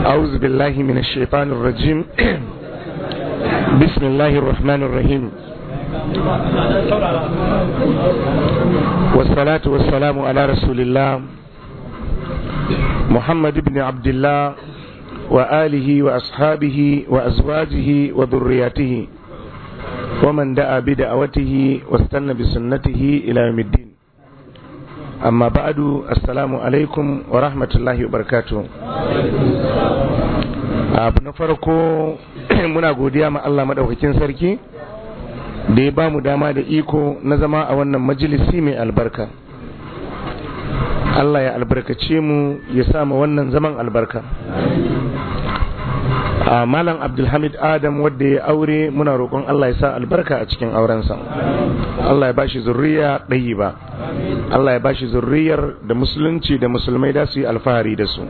أعوذ بالله من الشيطان الرجيم بسم الله الرحمن الرحيم والصلاة والسلام على رسول الله محمد بن عبد الله وآله وأصحابه وأزواجه وذرياته ومن دعا بدعوته واستنى بسنته إلى يوم الدين amma ba'adu assalamu alaikum wa rahmatullahi wa barkatu abu na farko muna godiya ma Allah madaukakin sarki da ya bamu dama da iko na zama a wannan majalisi mai albarka Allah ya albarkace mu ya sa mu wannan zaman albarka A malam abdulhamid adam wadda ya aure muna roƙon allah ya sa albarka a cikin aurensa allah ya bashi zurriya ɗayi ba allah ya bashi zurriyar da musulunci da musulmai da su yi alfahari da su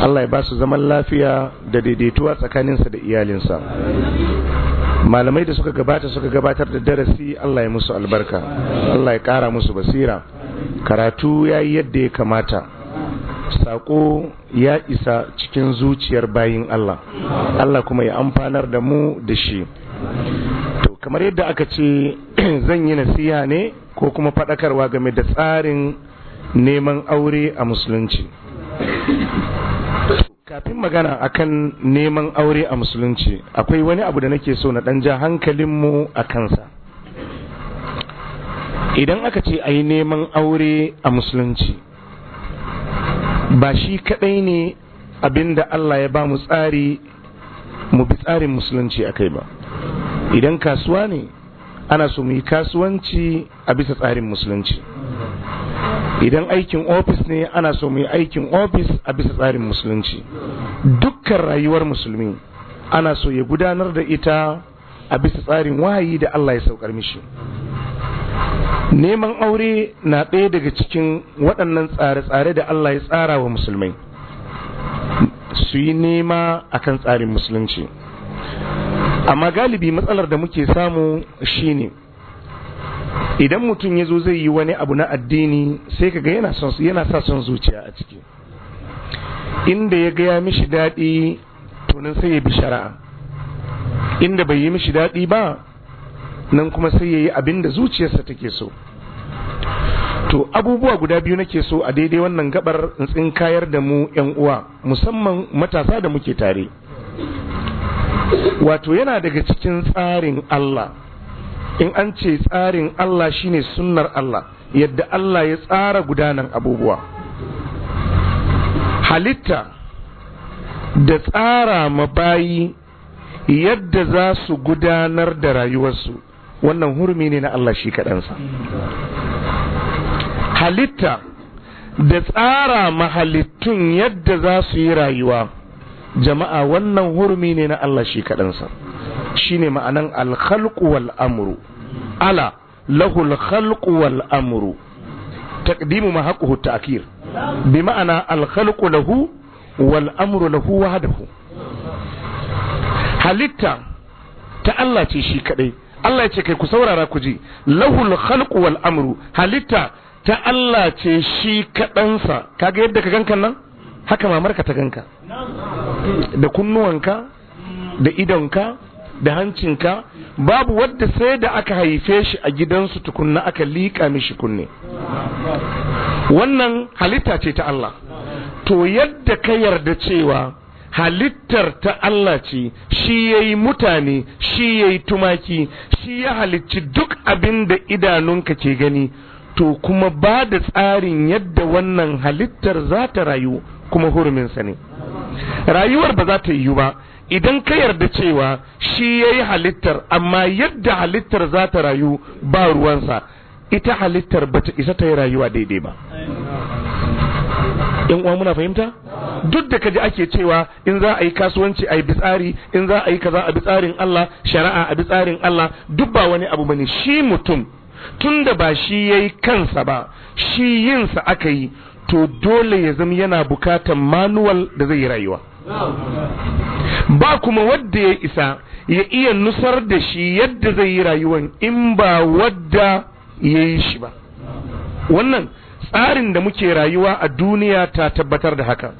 allah ya ba zaman lafiya da daidaituwa tsakaninsa da iyalinsa malamai da suka gabata suka gabatar da darasi Allah ya musu albarka Allah ya kara musu basira karatu ya yi yadda ya kamata sako ya isa cikin zuciyar bayin Allah Allah kuma ya amfanar da mu da shi to kamar yadda aka ce zan yi nasiha ne ko kuma faɗakarwa game da tsarin neman aure a musulunci kafin magana akan neman aure a musulunci akwai wani abu da nake so na ɗan ja hankalinmu a kansa idan aka ce a yi neman aure a musulunci ba shi kadai ne abinda Allah ya ba mu tsari mu bi tsarin musulunci a kai ba idan kasuwa ne ana so mu yi kasuwanci a bisa tsarin musulunci idan aikin ofis ne ana so mu yi aikin ofis a bisa tsarin musulunci dukkan rayuwar musulmi ana so ya gudanar da ita a bisa tsarin wahayi da Allah ya saukar mishi neman aure na ɗaya daga cikin waɗannan tsare-tsare da Allah ya tsara wa musulmai su yi nema a kan tsarin musulunci amma galibi matsalar da muke samu shine idan mutum ya zo zai yi wani abu na addini sai ka ga yana sa son zuciya a ciki inda ya gaya mishi daɗi tunan sai ya bi shara'a, inda bai yi mishi daɗi ba nan kuma sai ya yi abin da zuciyarsa take so to abubuwa guda biyu nake so a daidai wannan gabar tsin kayar da mu yan uwa musamman matasa da muke tare wato yana daga cikin tsarin Allah in an ce tsarin Allah shine sunnar Allah yadda Allah ya tsara gudanan abubuwa halitta da tsara mabayi yadda za su gudanar da rayuwarsu wannan hurumi ne na Allah shi kaɗansa halitta da tsara mahalittun yadda za su yi rayuwa jama'a wannan hurumi ne na Allah shi kaɗansa shi ne ma'anan alkhalku wal amru ala lahul amru taqdimu ma bi ma'ana alkhalqu lahu wal amru lahu wahdahu halitta ta Allah ce shi kaɗai. Allah ya ce kai ku saurara ku ji lahul khalqu wal amru halitta ta Allah ce shi kaɗansa kaga yadda ka ganka nan haka ka ta ganka da kunnuwanka da idonka da hancinka babu wadda sai da aka haife shi a gidansu tukunna aka liƙa mishi kunne wannan halitta ce ta Allah to yadda ka yarda cewa halittar ta Allah ce shi ya yi mutane shi ya yi tumaki shi ya halicci duk abin da idanunka ke gani to kuma ba da tsarin yadda wannan halittar za ta rayu kuma hurminsa ne rayuwar ba za ta yiwu ba idan ka yarda cewa shi ya yi halittar amma yadda halittar za ta rayu ba ruwansa ita halittar ba ta isa ta yi rayuwa daidai ba yan uwa muna fahimta duk da kaji ake cewa in za a yi kasuwanci a yi bitsari in za a yi kaza a bitsarin Allah shari'a a bitsarin Allah duk ba wani abu bane shi mutum tunda ba shi yayi kansa ba shi yinsa aka yi to dole ya zama yana bukatan manuwal da zai yi rayuwa ba kuma wadda ya isa ya iya nusar da shi yadda zai yi rayuwan in ba wadda ya yi shi ba wannan tsarin da muke rayuwa a duniya ta tabbatar da haka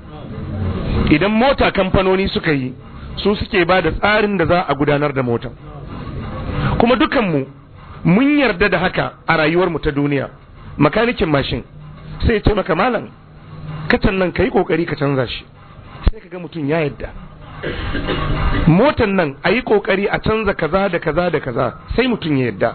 idan mota kamfanoni suka yi su suke ba da tsarin da za a gudanar da mota kuma dukanmu mun yarda da haka a rayuwarmu ta duniya makanikin mashin sai ce maka malam kacan nan ka yi kokari ka canza shi sai ka ga mutum ya yadda motan nan a yi kokari a canza kaza da kaza da kaza sai mutum ya yadda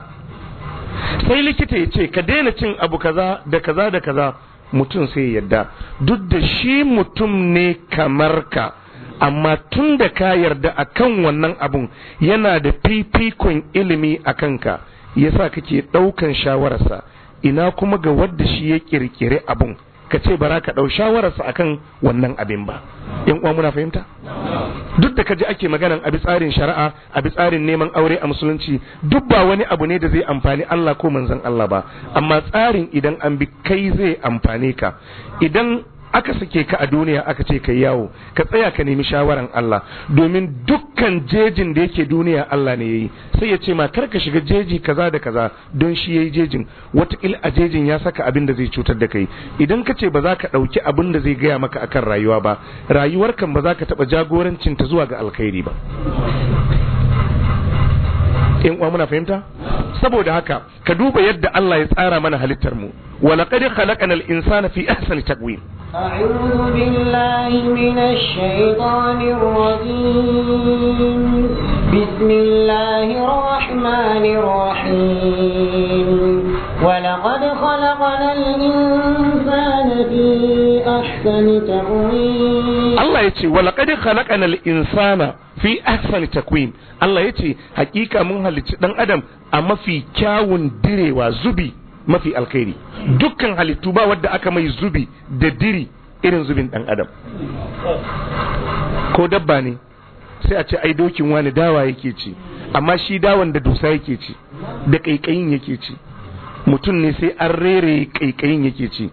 sai likita ya ce ka daina cin abu kaza da kaza da kaza mutum sai yarda duk da shi mutum ne kamar ka amma tun da ka yarda a kan wannan abun yana da fifikon ilimi a kanka ya yasa kake ɗaukan shawararsa ina kuma ga wadda shi ya ƙirƙiri abun ka ce bara ka ɗau shawararsa a kan wannan abin ba Yan uwa muna fahimta duk da kaji ake maganan abi tsarin shari'a a bi tsarin neman aure a musulunci duk ba wani abu ne da zai amfani Allah ko manzon Allah ba amma tsarin idan an bi kai zai amfane ka idan aka sake ka a duniya aka ce ka yawo ka tsaya ka nemi shawaran Allah domin dukkan jejin da yake duniya Allah ne yayi sai ya ce ma kar ka shiga jeji kaza da kaza don shi yayi jejin watakil a jejin ya saka abin da zai cutar da kai idan ka ce ba za ka ɗauki abin da zai gaya maka akan rayuwa ba rayuwar kan ba za ka taɓa jagorancin ta zuwa ga alkhairi ba in uwa muna fahimta saboda haka ka duba yadda Allah ya tsara mana halittar mu wa laqad khalaqana al-insana fi ahsani taqwim a'udhu billahi minash shaitanir rajim bismillahir rahmanir rahim ولقد خلقنا الإنسان في أحسن تقويم الله يتي ولقد خلقنا الإنسان fi ahsani takwim Allah ya ce hakika mun halicci ɗan adam a mafi kyawun direwa zubi mafi alkhairi dukkan halittu ba wadda aka mai zubi da diri irin zubin ɗan adam ko dabba ne sai a ce ai dokin wani dawa yake ci amma shi dawan da dusa yake ci da kaikayin yake ci mutum ne sai an rere kaikayin yake ci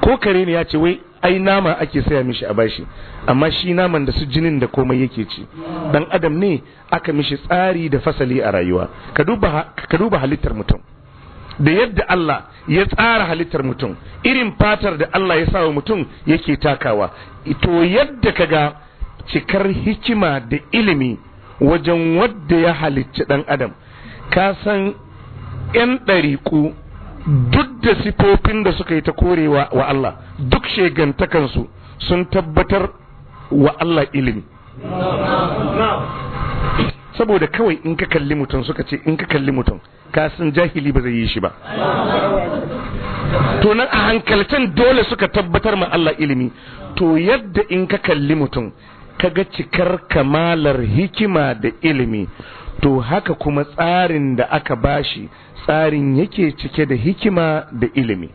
ko kare ne ya ce wai ai nama ake saya mishi a bashi amma shi naman da su jinin da komai yake ci dan adam ne aka mishi tsari da fasali a rayuwa ka duba halittar mutum da yadda Allah ya tsara halittar mutum irin fatar da Allah ya sawa mutum yake takawa to yadda ka ga cikar hikima da ilimi wajen wadda ya halicci dan adam ka san 'yan ɗariƙu duk da sifofin da suka yi ta korewa wa Allah duk shegantakansu sun tabbatar wa Allah ilimi saboda kawai in ka kalli mutum suka ce in ka kalli mutum ka san jahili ba zai yi shi ba to nan a hankalcen dole suka tabbatar ma Allah ilimi to yadda in ka kalli mutum ka ga cikar kamalar hikima da ilimi to haka kuma tsarin da aka bashi tsarin yake cike da hikima da ilimi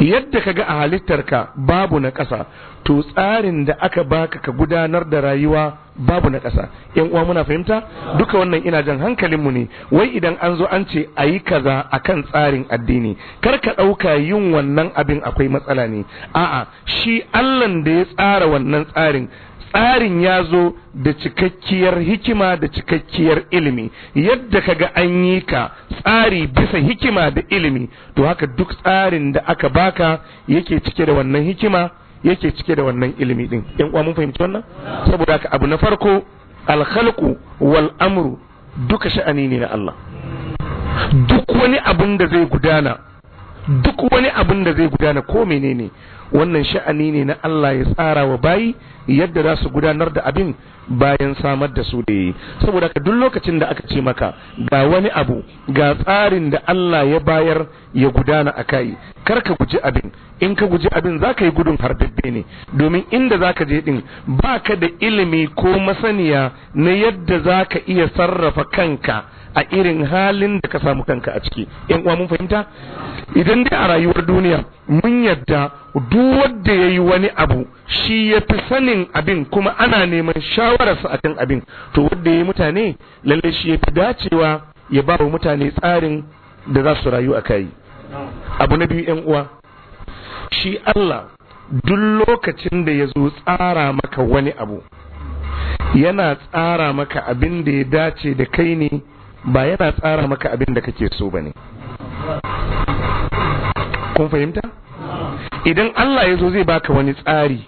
yadda ka ga a halittarka babu na ƙasa to tsarin da aka baka ka gudanar da rayuwa babu na ƙasa yan uwa muna fahimta duka wannan ina jan hankalinmu ne wai idan an zo an ce a yi kaza a kan tsarin addini kar ka ɗauka yin wannan abin akwai matsala ne a'a shi allan da ya tsara wannan tsarin tsarin ya zo da cikakkiyar hikima da cikakkiyar ilimi yadda kaga an yi ka tsari bisa hikima da ilimi to haka duk tsarin da aka baka yake cike da wannan hikima yake cike da wannan ilimi din yan uwa mun fahimci wannan saboda haka abu na farko alhalku wal amru duka sha'ani ne na Allah duk wani abun gudana duk wani abin da zai gudana ko menene wannan sha'ani ne na Allah ya tsara wa bayi yadda za su gudanar da abin bayan samar da su da yi saboda ka duk lokacin da aka ce maka ga wani abu ga tsarin da Allah ya bayar ya gudana a kai kar ka guji abin in ka guji abin za ka yi gudun harbabbe ne domin inda za ka je din ba ka da ilimi ko masaniya na yadda za ka iya sarrafa kanka a irin halin da ka samu kanka a ciki yan uwa mun fahimta idan dai a rayuwar duniya mun yadda duk wanda yayi wani abu shi ya fi sanin abin kuma ana neman shawararsa kan abin to wanda yi mutane lalle shi ya fi dacewa ya ba wa mutane tsarin da za su rayu a kai abu na biyu yan uwa shi Allah duk lokacin da ya zo tsara maka wani abu yana tsara maka abin da ya dace da kai ne ba yana tsara maka abin da kake so ba ne kun fahimta idan Allah ya zo zai baka wani tsari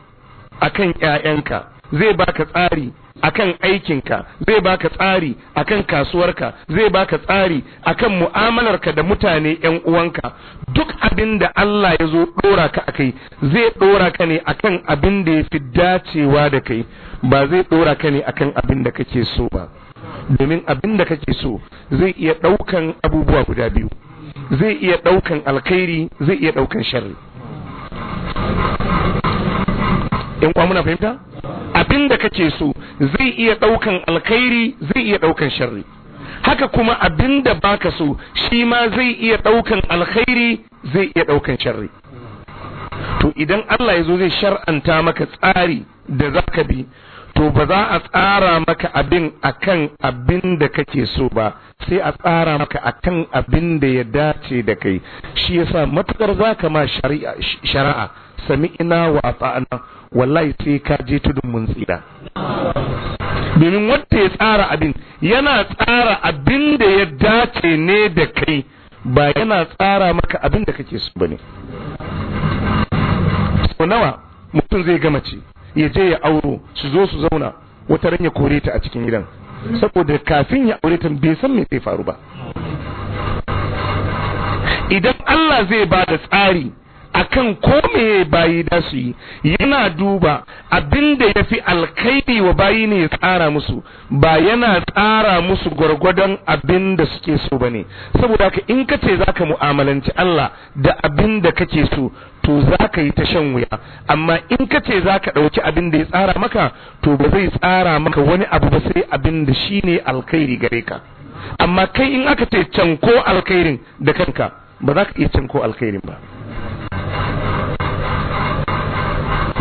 akan ƴaƴanka zai baka tsari akan aikinka zai baka tsari akan kasuwarka zai baka tsari akan mu'amalarka da mutane ƴan uwanka duk abin da Allah ya zo ɗora ka akai zai ɗora ka ne akan abin da ya fi dacewa da kai ba zai ɗora ka ne akan abin da kake so ba domin abin da kake so zai iya ɗaukan abubuwa guda biyu zai iya ɗaukan alkhairi zai iya ɗaukan sharri in kwa muna fahimta abin da kake so zai iya ɗaukan alkhairi zai iya ɗaukan sharri haka kuma abin da baka so shi ma zai iya ɗaukan alkhairi zai iya ɗaukan sharri to idan Allah ya zo zai shar'anta maka tsari da zaka bi to ba za a tsara maka abin akan abin da kake so ba sai a tsara maka kan abin da ya dace da kai shi yasa matukar ka ma shari'a sami ina wa ta'ana wallahi sai ka je tudun mun tsira domin wanda ya tsara abin yana tsara abin da ya dace ne da kai ba yana tsara maka abin da kake so ne. Sau nawa mutum zai gama ce ya je ya auro su zo su zauna wata ran ya kore ta a cikin gidan saboda kafin ya aure ta bai san me zai faru ba idan Allah zai ba da tsari akan ko me bayi da su yana duba abinda ya fi alkhairi wa bayi ne ya tsara musu ba yana tsara musu gwargwadon abinda da suke so ba ne saboda ka in kace ce za ka mu'amalanci Allah da abinda da kake so to za ka yi ta shan wuya amma in kace ce za ka ɗauki abin ya tsara maka to ba zai tsara maka wani abu ba sai abinda da shi ne alkhairi gare ka amma kai in aka ce can ko alkhairin da kanka ba za ka iya can ko alkhairin ba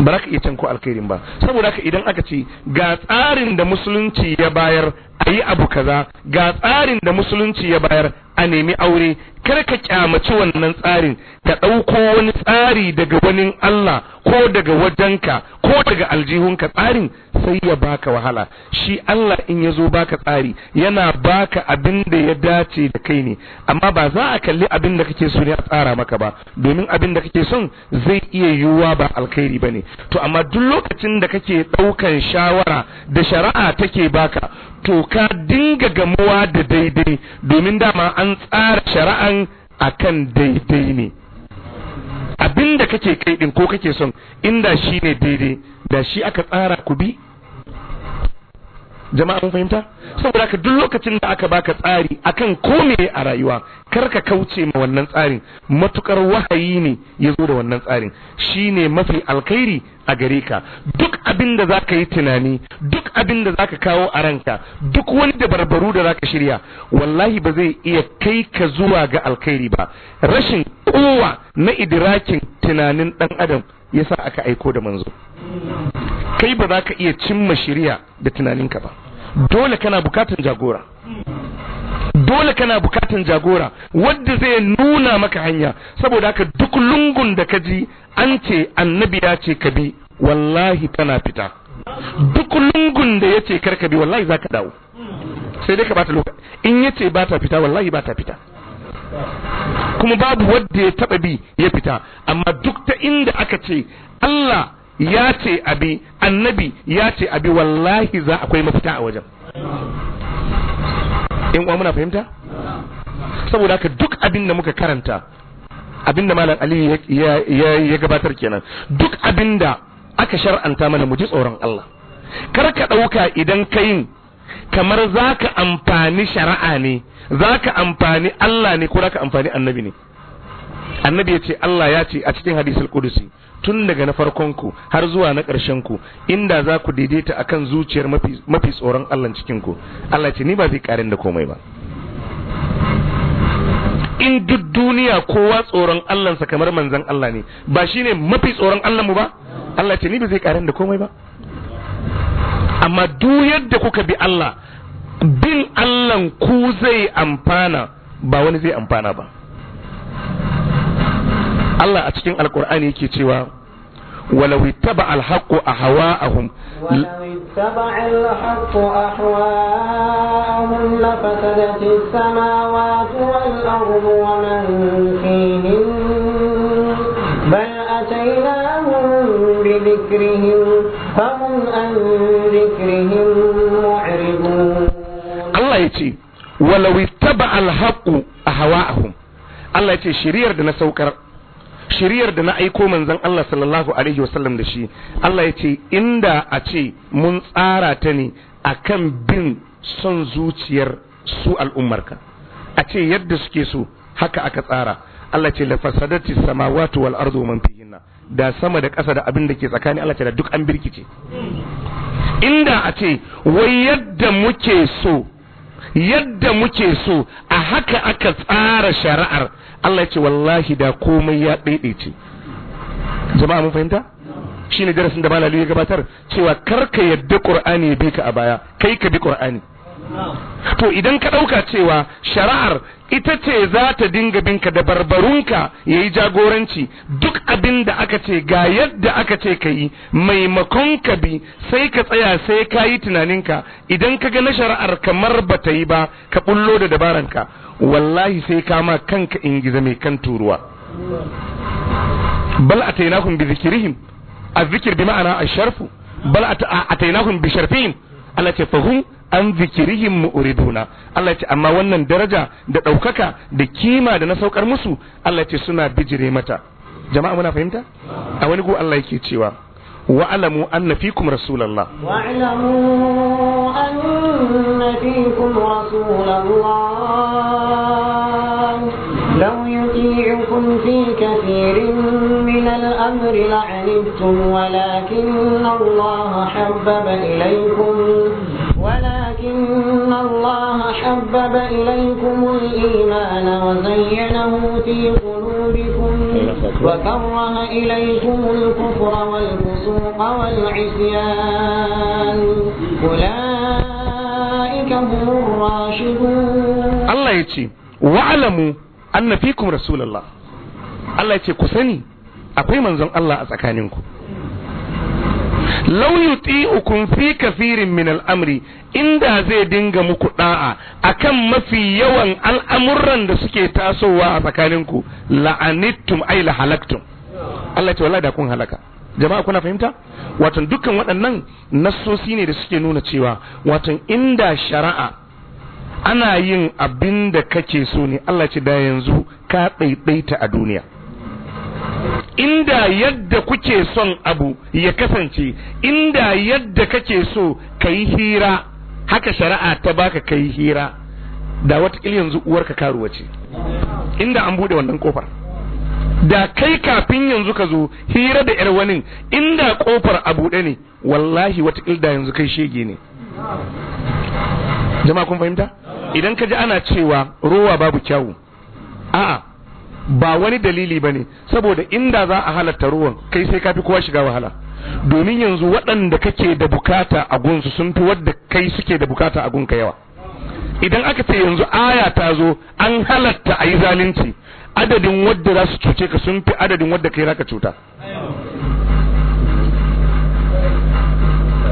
ba za ka iya cin ko alkhairin ba saboda haka idan aka ce ga tsarin da musulunci ya bayar a yi abu kaza ga tsarin da musulunci ya bayar a nemi aure kar ka kyamaci wannan tsarin ka ɗauko wani tsari daga wani Allah ko daga wajenka ko daga aljihunka tsarin sai ya baka wahala shi Allah in ya zo baka tsari yana baka abin da ya dace da kai ne amma ba za a kalli abin da kake so ne a tsara maka ba domin abin da kake son zai iya yiwuwa ba alkhairi ba ne to amma duk lokacin da kake ɗaukan shawara da shari'a take baka to ka dinga gamuwa da daidai domin dama an tsara shari'an akan daidai ne abin da kake kai din ko kake son inda shi ne daidai da shi aka tsara ku bi jama'a mun fahimta saboda ka duk lokacin da aka baka tsari akan kome a rayuwa kar ka kauce ma wannan tsarin matukar wahayi ne ya zo da wannan tsarin shine mafi alkhairi a gare ka duk abin da ka yi tunani duk abin da ka kawo a ranka duk wani dabarbaru da za ka shirya wallahi ba zai iya kai ka zuwa ga alkhairi ba rashin kowa na idirakin tunanin dan adam ya sa aka aiko da manzo kai ba za ka iya cimma shirya da tunaninka ba dole kana bukatan jagora dole kana bukatan jagora wadda zai nuna maka hanya saboda haka duk lungun da ka ji an ce annabi ya ce ka bi wallahi tana fita duk lungun da ya ce karka bi wallahi za ka dawo sai dai ka bata lokaci in ya ce ba ta fita wallahi ba ta fita kuma babu wadda ya taba bi ya fita amma duk ta inda aka ce Allah ya ce abi annabi ya ce abi wallahi za akwai mafita a wajen in uwa muna fahimta saboda haka duk abin da muka karanta abinda malam Ali ya gabatar kenan duk abinda aka shar'anta mana mu ji tsoron Allah kar ka ɗauka idan ka kamar zaka ka amfani shari'a ne zaka ka amfani Allah ne ko za amfani annabi ne annabi ya ce Allah ya ce a cikin hadisul kudusi tun daga na farkon ku har zuwa na ƙarshen ku inda za ku daidaita akan zuciyar mafi tsoron Allah cikin ku Allah ce ni ba zai karin da komai ba in duk duniya kowa tsoron Allah sa kamar manzan Allah ne ba shine mafi tsoron Allah mu ba Allah ce ni ba zai karin da komai ba amma duk yadda kuka bi Allah bin Allah ku zai amfana ba wani zai amfana ba Allah a cikin alkur'ani yake cewa walau taba alhaqqu ahwa'ahum ولو اتبع الحق أهواءهم لفسدت السماوات والأرض ومن فيهن بل أتيناهم بذكرهم فهم عن ذكرهم معرضون الله يتي ولو اتبع الحق أهواءهم الله يتي شرير دنا سوكر shiriyar da na aiko manzon Allah sallallahu alaihi wasallam da shi Allah ya ce inda a ce mun tsara ta ne akan bin son zuciyar su al'ummarka a ce yadda suke so haka aka tsara Allah ce lafasadati samawati wal ardu man fihinna da sama da ƙasa da abin da ke tsakani Allah ce da duk an birkice inda a ce wai yadda muke so yadda muke so a haka aka tsara shari'ar Allah ya ce wallahi da komai ya ɗaiɗaice jama'a mun fahimta shine darasin da malami ya gabatar cewa karka yadda qur'ani ya ka a baya kai ka bi qur'ani to idan ka ɗauka cewa shari'ar ita ce za ta dinga binka da barbarunka ya yi jagoranci duk abin da aka ce ga yadda aka ce ka yi maimakon ka bi sai ka tsaya sai ka yi tunaninka idan ka ga na shari'ar kamar ba ta yi ba ka ɓullo da dabaranka wallahi sai kama kanka in gizo mai kan turuwa bal a tainakun bi zikirihim a zikir bi ma'ana a sharfu bal a tainakun bi sharfihim Allah ce fahim an zikirihim mu'riduna Allah ce amma wannan daraja da ɗaukaka da kima da na saukar musu Allah ce suna bijire mata jama'a muna fahimta a wani go Allah yake cewa wa alamu anna fikum rasulullah wa alamu anna fikum rasulullah لو يطيعكم في كثير من الأمر لعنتم ولكن الله حبب إليكم ولكن الله حبب إليكم الإيمان وزينه في قلوبكم وكره إليكم الكفر والفسوق والعصيان أولئك هم الراشدون الله يتي واعلموا أن فيكم رسول الله الله يتي كسني أقوي منزل الله أتكاننكم law ukun fi kafirin min al'amri inda zai dinga muku da'a akan mafi yawan al'amuran da suke tasowa a tsakaninku la'anittum ay la halaktum Allah ce wallahi da kun halaka jama'a kuna fahimta watan dukkan waɗannan nassosi ne da suke nuna cewa watan inda shari'a ana yin abin da kake so ne Allah ce da yanzu ka ɗaiɗaita a duniya inda yadda kuke son abu ya kasance inda yadda kake so ka yi hira haka shari'a ta baka ka yi hira da watakila yanzu uwarka karuwa ce inda an buɗe wannan kofar da kai kafin yanzu ka zo hira da yar wani inda kofar a buɗe ne wallahi watakila da yanzu kai shege ne jama'a kun fahimta idan ka ji ana cewa rowa babu kyawu a'a ba wani dalili ba ne saboda inda za a halatta ruwan kai sai ka fi kowa shiga wahala domin yanzu waɗanda kake da bukata a gunsu sun fi wadda kai suke da bukata a gunka yawa idan aka ce yanzu aya ta zo an halatta a yi zalunci adadin wadda za su cuce ka sun fi adadin wadda kai raka cuta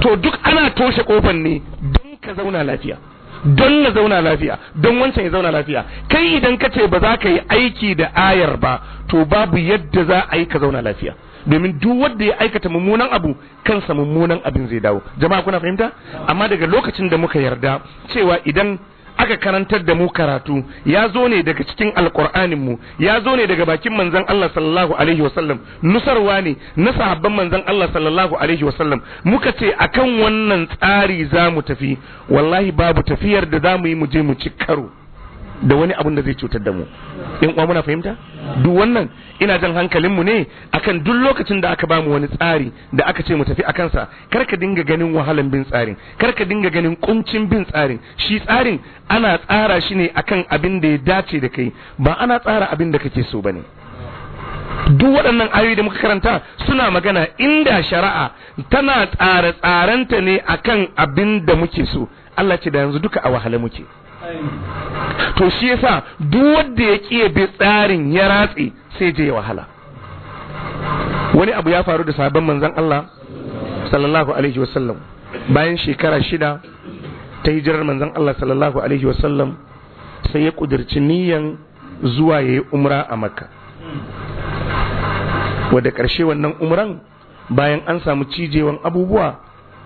to duk ana toshe kofan ne don ka zauna lafiya don na zauna lafiya don wancan ya zauna lafiya kai idan ka ce ba za ka yi aiki da ayar ba to babu yadda za a yi ka zauna lafiya domin duk wanda ya aikata mummunan abu kansa mummunan abin zai dawo jama'a kuna fahimta amma daga lokacin da muka yarda cewa idan aka karantar da mu karatu ya zo ne daga cikin alkur'anin mu ya zo ne daga bakin manzon Allah sallallahu alaihi wasallam nusarwa ne na sahabban manzon Allah sallallahu alaihi wasallam muka ce akan wannan tsari za mu tafi wallahi babu tafiyar da za mu yi mu je mu ci karo da wani abun da zai cutar da mu in uwa muna fahimta duk wannan ina jan hankalin mu ne akan duk lokacin da aka ba mu wani tsari da aka ce mu tafi a kansa kar ka dinga ganin wahalan bin tsarin kar ka dinga ganin kuncin bin tsarin shi tsarin ana tsara shi ne akan abin da ya dace da kai ba ana tsara abin da kake so bane duk waɗannan ayoyi da muka karanta suna magana inda shari'a tana tsara tsaranta ne akan abin da muke so Allah ce da yanzu duka a wahala muke to shi yasa duk wanda ya ke bi tsarin ya ratse sai je wahala wani abu ya faru da sabon manzon Allah sallallahu alaihi wasallam bayan shekara shida ta hijirar manzon Allah sallallahu alaihi wasallam sai ya kudirci niyan zuwa yayi umra a Makka wadda karshe wannan umran bayan an samu cijewan abubuwa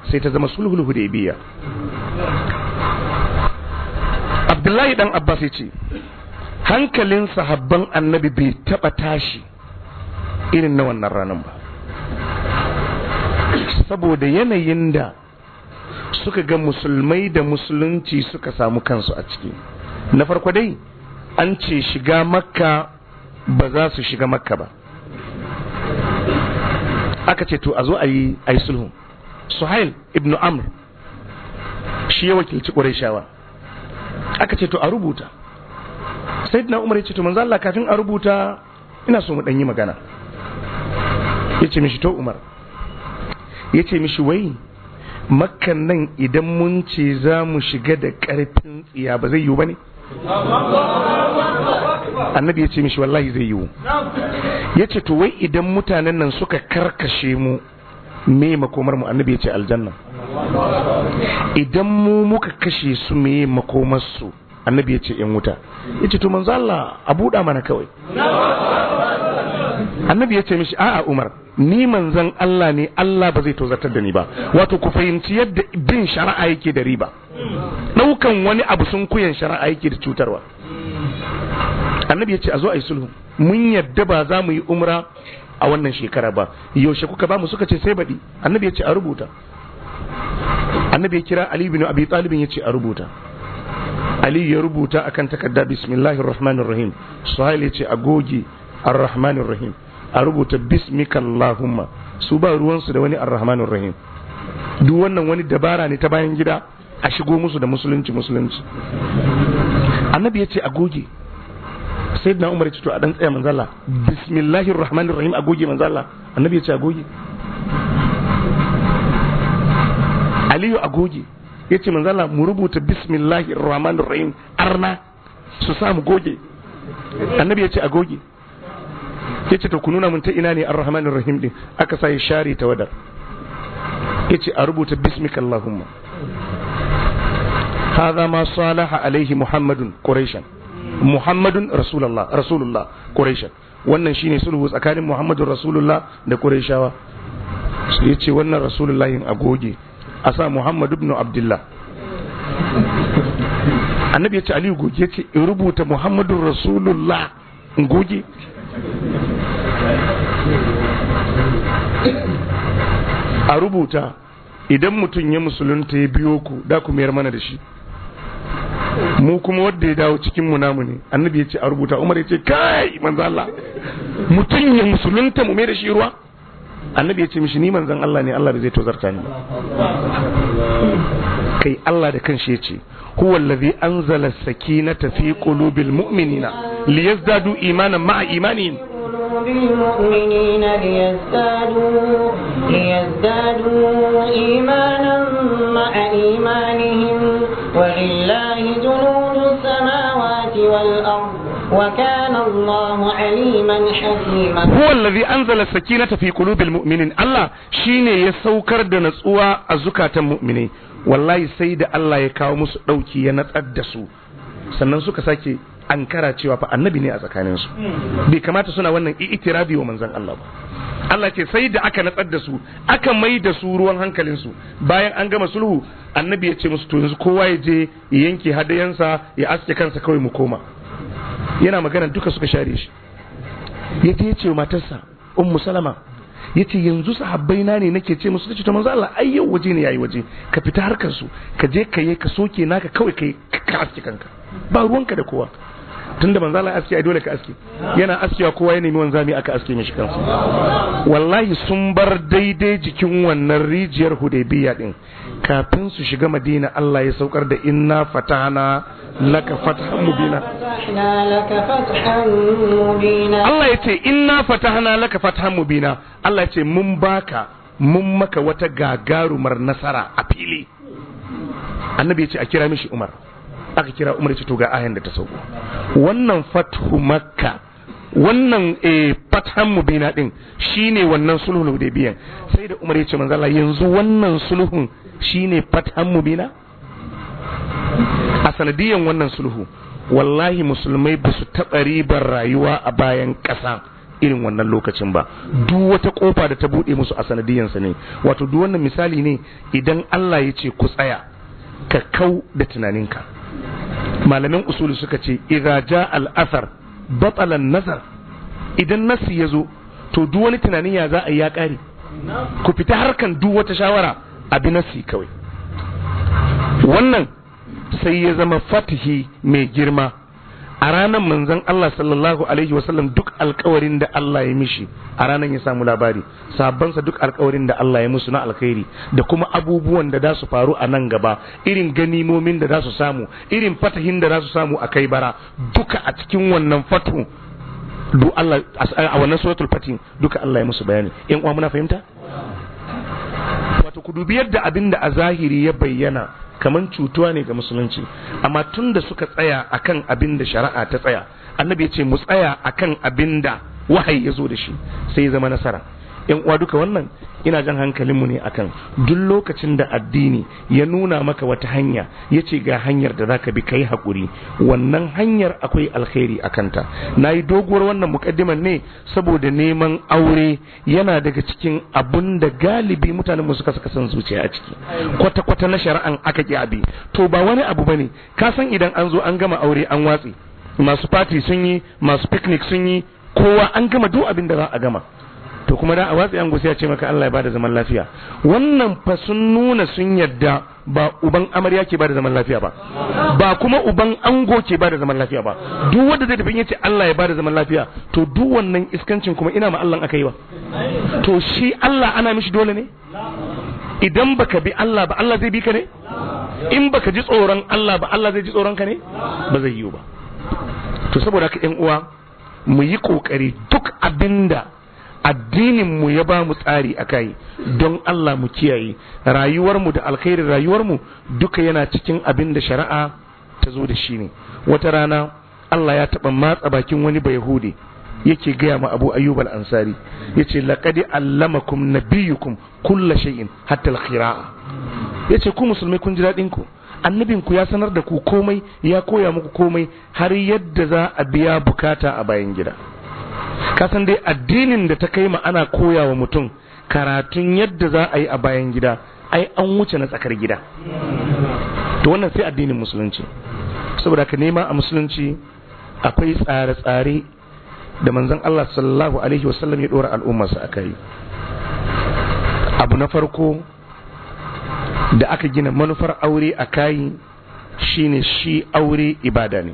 sai ta zama sulhul hudaybiya abdullahi dan abbas yace hankalin sahabban annabi bai taba tashi irin na wannan ranar ba saboda yanayin da suka ga musulmai da musulunci suka samu kansu a ciki na farko dai an ce shiga makka ba za su shiga makka ba aka ce to a zo a yi sulhu suhail ibn amr shi ya wakilci shawa. aka ce to a rubuta sai na umar ya ce to manzo Allah kafin a rubuta ina so mu dan yi magana ya ce mishi to umar ya ce mishi wai makkan nan idan mun ce za mu shiga da karfin tsiya ba zai yiwu ba ne annabi ya ce mishi wallahi zai yiwu ya ce to wai idan mutanen nan suka karkashe mu me makomar mu annabi ya ce aljanna idan mu muka kashe su meye makomarsu annabi ya ce yan wuta ya ce to manzo Allah a buɗa mana kawai annabi ya ce mishi a'a Umar ni manzan Allah ne Allah ba zai tozartar da ni ba wato ku fahimci yadda bin shari'a yake da riba daukan wani abu sun kuyan shari'a yake da cutarwa annabi ya ce a zo a yi sulhu mun yadda ba za mu yi umra a wannan shekara ba yaushe kuka ba mu suka ce sai baɗi annabi ya ce a rubuta annabi ya kira ali bin abi talibin ya a rubuta ali ya rubuta akan takarda bismillahir rahmanir rahim suhail ya ce a goge arrahmanir rahim a rubuta bismika allahumma su ba ruwansu da wani arrahmanir rahim duk wannan wani dabara ne ta bayan gida a shigo musu da musulunci musulunci annabi yace ce a goge na umar ya ce to a dan tsaya manzala bismillahir rahmanir rahim a goge manzala annabi yace ce a goge aliyu agoge goge ya ce manzala mu rubuta bismillahi rahmanir rahim arna su samu goge annabi ya ce a goge ya ce to ku nuna mun ta ina ne ar-rahmanir rahim din aka sa share ta wadar ya ce a rubuta bismika allahumma hadha ma salaha alaihi muhammadun quraishan muhammadun rasulullah rasulullah quraishan wannan shine sulhu tsakanin muhammadun rasulullah da quraishawa ya ce wannan rasulullahin agoge a sa muhammad ibn abdullah annabi ya ce aliyu goge ce in rubuta Muhammadu rasulullah in goge a rubuta idan mutum ya musulunta ya biyo ku da ku mayar mana da shi mu kuma wadda ya dawo cikin mu namu ne annabi ya ce a rubuta umar ya ce kai manzo Allah mutum ya musulunta mu mai da shi ruwa annabi ya ce mishi ni manzon Allah ne Allah da zai tozarta ni kai Allah da kanshi ya ce huwa allazi anzala sakinata fi qulubil mu'minina liyazdadu imanan ma'a imanihim والأرض وكان الله عليما حكيما هو الذي أنزل السكينة في قلوب المؤمنين الله شيني يسوكر Allah ya kawo musu سيد ya يكاو da su sannan suka sake ankara cewa fa annabi ne a tsakaninsu bai kamata suna wannan itirabi wa manzon Allah ba Allah ce sai da aka natsar da su aka mai da su ruwan hankalinsu bayan an gama sulhu annabi ya ce musu to yanzu kowa ya je ya yanke hadayansa ya aske kansa kawai mu koma yana magana duka suka share shi ya ce ce matarsa 'un musalama. ya ce yanzu sahabbai na ne nake ce musu tace to manzo Allah ai yau waje ne yayi waje ka fita harkar su ka je ka yi ka soke naka kawai kai ka aske kanka ba ruwanka da kowa tunda manzo Allah aske ai dole ka aske yana askewa kowa ya nemi wanzami aka aske mishi kansa wallahi sun bar daidai jikin wannan rijiyar Hudaybiya din kafin su shiga madina Allah ya saukar da inna fatahana laka fatahan mubina Allah ya ce inna fatahana laka fatahan mubina Allah ya ce mun baka mun maka wata gagarumar nasara a fili annabi ya ce a kira mishi Umar aka kira Umar ya ce to ga ayan da ta sauko wannan fathu makka wannan eh, fatan mubina din shine wannan sulhun hudaybiyan sai da umar ya ce manzala yanzu wannan sulhun shine fathan mubina a sanadiyan wannan sulhu wallahi musulmai ba su taɓa ribar rayuwa a bayan ƙasa irin wannan lokacin ba duk wata kofa da ta buɗe musu a sanadiyansa ne wato duk wannan misali ne idan Allah ya ce ku tsaya ka kau da tunaninka malamin usuli suka ce idza ja al nazar idan nasi ya zo to duk wani tunanin ya za a yi ya ƙare ku fita harkan duk wata shawara abi nasi kawai wannan sai ya zama fatihi mai girma a ranar manzon Allah sallallahu alaihi wasallam duk alkawarin da Allah ya mishi a ranar ya samu labari sabansa duk alkawarin da Allah ya musu na alkhairi da kuma abubuwan da za su faru a nan gaba irin ganimomin da za su samu irin fatahin da za su samu a kai bara duka a cikin wannan fatu du Allah a wannan suratul fatin duka Allah ya musu bayani in uwa muna fahimta to ku dubi yadda abin da a zahiri ya bayyana kamar cutuwa ne ga musulunci amma tun da suka tsaya akan abin da shari'a ta tsaya annabi ya ce mu tsaya akan abin da wahayi ya zo da shi sai ya zama nasara yan uwa duka wannan ina jan hankalinmu ne akan duk lokacin da addini ya nuna maka wata hanya ya ce ga hanyar da zaka bi kai hakuri wannan hanyar akwai alkhairi akanta kanta na yi doguwar wannan mukaddiman ne saboda neman aure yana daga cikin abun da galibi mutanen mu suka saka son zuciya a ciki kwata-kwata na shari'an aka ki abi to ba wani abu bane ka san idan an zo an gama aure an watse masu fati sun yi masu picnic sun yi kowa an gama duk abin da za a gama to kuma da a watsi ango gusi ya ce maka Allah ya bada zaman lafiya wannan fa sun nuna sun yadda ba uban amarya ke bada zaman lafiya ba ba kuma uban ango ke bada zaman lafiya ba duk wanda zai tafi yace Allah ya bada zaman lafiya to duk wannan iskancin kuma ina ma Allah aka yi ba to shi Allah ana mishi dole ne idan baka bi Allah ba Allah zai bi ka ne in baka ji tsoron Allah ba Allah zai ji tsoron ka ne ba zai yi ba to saboda haka ƴan uwa mu yi kokari duk abinda Addininmu ya ba mu tsari a kai don Allah mu kiyaye rayuwarmu da alkhairin rayuwarmu duka yana cikin abin da shari'a ta zo da shi ne wata rana Allah ya taɓa matsa bakin wani bai hude yake gaya ma abu ayyub al-ansari yace laqad allamakum nabiyyukum kulla shay'in hatta al-qira'a yace ku musulmai kun ji dadin ku annabin ku ya sanar da ku komai ya koya muku komai har yadda za a biya bukata a bayan gida kasan dai addinin da ta kai ma ana koya wa mutum karatun yadda za a yi a bayan gida ai an wuce na tsakar gida to wannan sai addinin musulunci saboda ka nema a musulunci akwai tsare-tsare da manzon Allah sallallahu alaihi wasallam ya dora al'ummarsa akai abu na farko da aka gina manufar aure a kayi shine shi aure ibada ne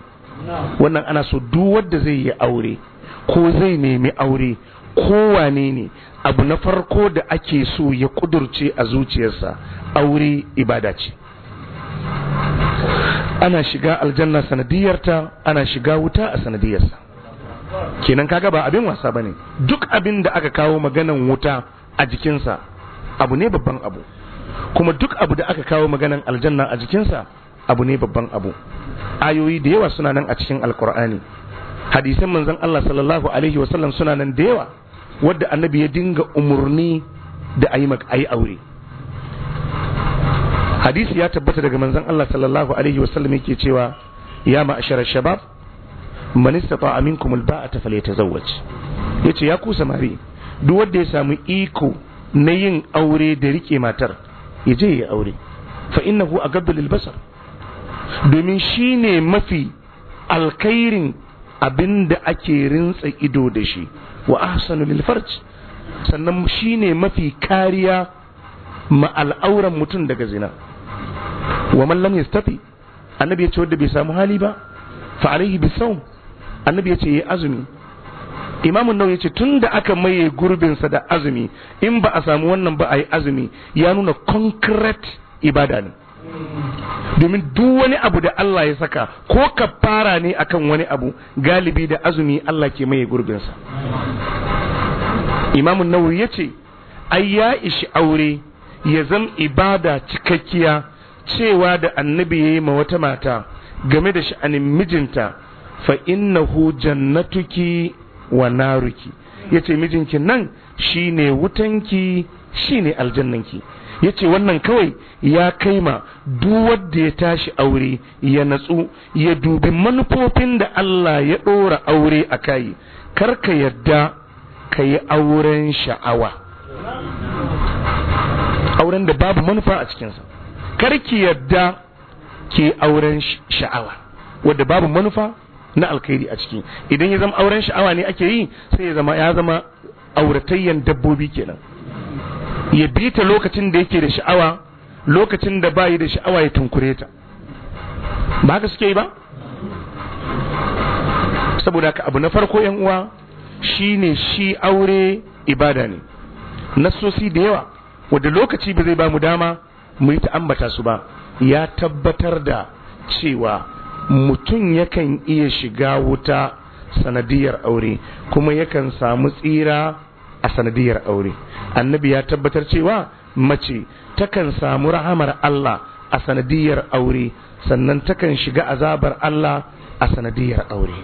wannan ana so duk wanda zai yi aure ko zai nemi aure ko wane ne abu na farko da ake so ya kudurce a zuciyarsa aure ibada ce ana shiga aljanna sanadiyarta ana shiga wuta a sanadiyarsa kenan kaga ba abin wasa bane duk abin da aka kawo maganan wuta a jikinsa abu ne babban abu kuma duk abu da aka kawo maganan aljanna a jikinsa abu ne babban abu ayoyi da yawa suna nan a cikin alkur'ani hadisan manzon Allah sallallahu alaihi wasallam suna nan da yawa wadda annabi ya dinga umurni da ayi ayi aure hadisi ya tabbata daga manzon Allah sallallahu alaihi wasallam yake cewa ya ma'ashara shabab man istata'a tafale alba'ata falyatazawwaj yace ya ku samari duk wanda ya samu iko na yin aure da rike matar ya je ya aure fa innahu agabbu lil basar domin shine mafi alkhairin Abin da ake rintsa ido da shi wa ahsanu lil farj sannan shine mafi kariya ma al'auran mutum daga zina wa man lam yastati annabi ya ce wanda bai samu hali ba fa alaihi bisawm annabi ya ce yayi azumi imamu nau ya ce tun da aka maye gurbinsa da azumi in ba a samu wannan ba a yi azumi ya nuna concrete ibada ne domin duk wani abu da Allah ya saka ko ka fara ne akan wani abu galibi da azumi Allah ke mai gurbinsa Imam Nawawi ya ce ai ya ishi aure ya zam ibada cikakkiya cewa da annabi ya yi ma wata mata game da sha'anin mijinta fa innahu jannatuki wa naruki ya ce mijinki nan shine wutanki shine aljannanki ya ce wannan kawai ya kai ma wanda ya tashi aure ya natsu ya dubi manufofin da Allah ya ɗora aure a kai karka yadda ka yi auren sha'awa auren da babu manufa a cikinsa karki yadda ke auren sha'awa wadda babu manufa na alkhairi a ciki idan ya zama auren sha'awa ne ake yi sai ya zama ya zama auratayyan dabbobi kenan ya bi ta lokacin da yake da sha'awa lokacin da ba yi da sha'awa ya tunkure ta ba ka suke yi ba saboda ka abu na farko yan uwa ne shi aure ibada ne nasosi da yawa wadda lokaci ba zai ba mu dama mu yi ta ambata su ba ya tabbatar da cewa mutum yakan iya shiga wuta sanadiyar aure kuma yakan samu tsira a sanadiyar aure annabi ya tabbatar cewa mace takan samu rahamar Allah a sanadiyar aure sannan takan shiga azabar Allah a sanadiyar aure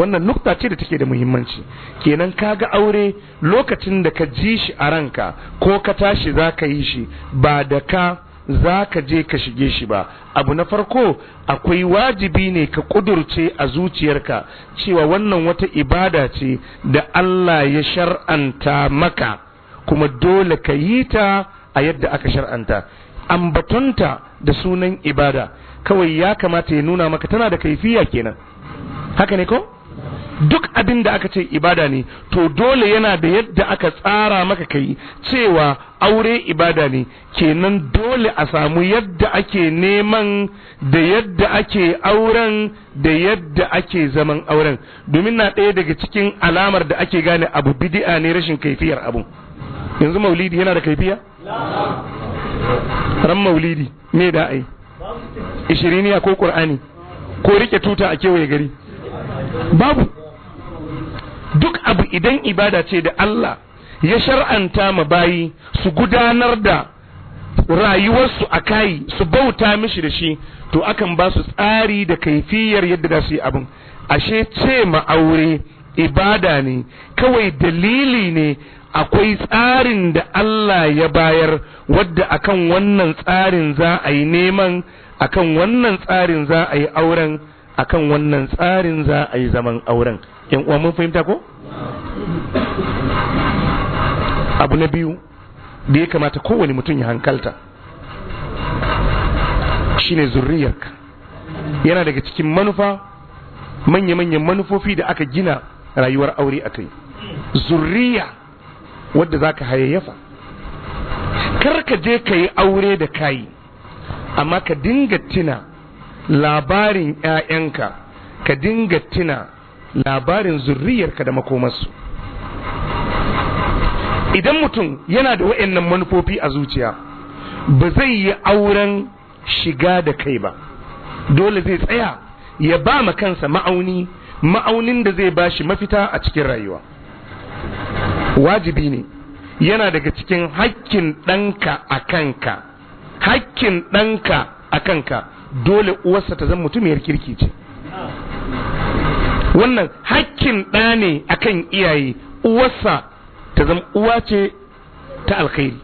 wannan nukta ce da take da muhimmanci kenan ka ga aure lokacin da ka ji shi a ranka ko ka tashi za ka yi shi ba da ka za ka je ka shige shi ba abu na farko akwai wajibi ne ka kudurce a zuciyarka cewa wannan wata ibada ce da Allah ya shar'anta maka kuma dole ka yi ta a yadda aka shar'anta ambatonta da sunan ibada kawai ya kamata ya nuna maka tana da kaifiya kenan haka ne ko duk abin da aka ce ibada ne to dole yana da yadda aka tsara maka kai cewa aure ibada ne kenan dole a samu yadda ake neman da yadda ake auren da yadda ake zaman auren domin na ɗaya daga cikin alamar da ake gane abu bidi'a ne rashin kaifiyar abu yanzu maulidi yana da kaifiya ran maulidi me da ai ishiriniya ko qur'ani ko rike tuta a kewaye gari babu duk abu idan ibada ce da Allah ya shar'anta ma bayi su gudanar da rayuwarsu a kai su bauta mishi da shi to akan ba su tsari da kaifiyar yadda za su yi abin ashe ce ma aure ibada ne kawai dalili ne akwai tsarin da Allah ya bayar wadda akan wannan tsarin za a yi neman akan wannan tsarin za a yi auren akan wannan tsarin za a yi zaman auren yan uwa mun fahimta ko abu na biyu da ya kamata kowane mutum ya hankalta shine zurriyarka yana daga cikin manufa manya-manyan manufofi da aka gina rayuwar aure a kai zurriya wadda za ka Kar ka je ka yi aure da kayi amma ka dinga tina labarin 'ya'yanka ka dinga tina labarin zurriyarka da makomarsu idan mutum yana da wa'annan manufofi a zuciya ba zai yi auren shiga da kai ba dole zai tsaya ya ba ma kansa ma'auni ma'aunin da zai bashi mafita a cikin rayuwa wajibi ne yana daga cikin hakkin ɗanka a kanka hakkin ɗanka a kanka dole uwarsa ta zan mutumiyar kirki ce wannan hakkin ɗa ne akan iyaye uwarsa ta zama uwa ce ta alkhairi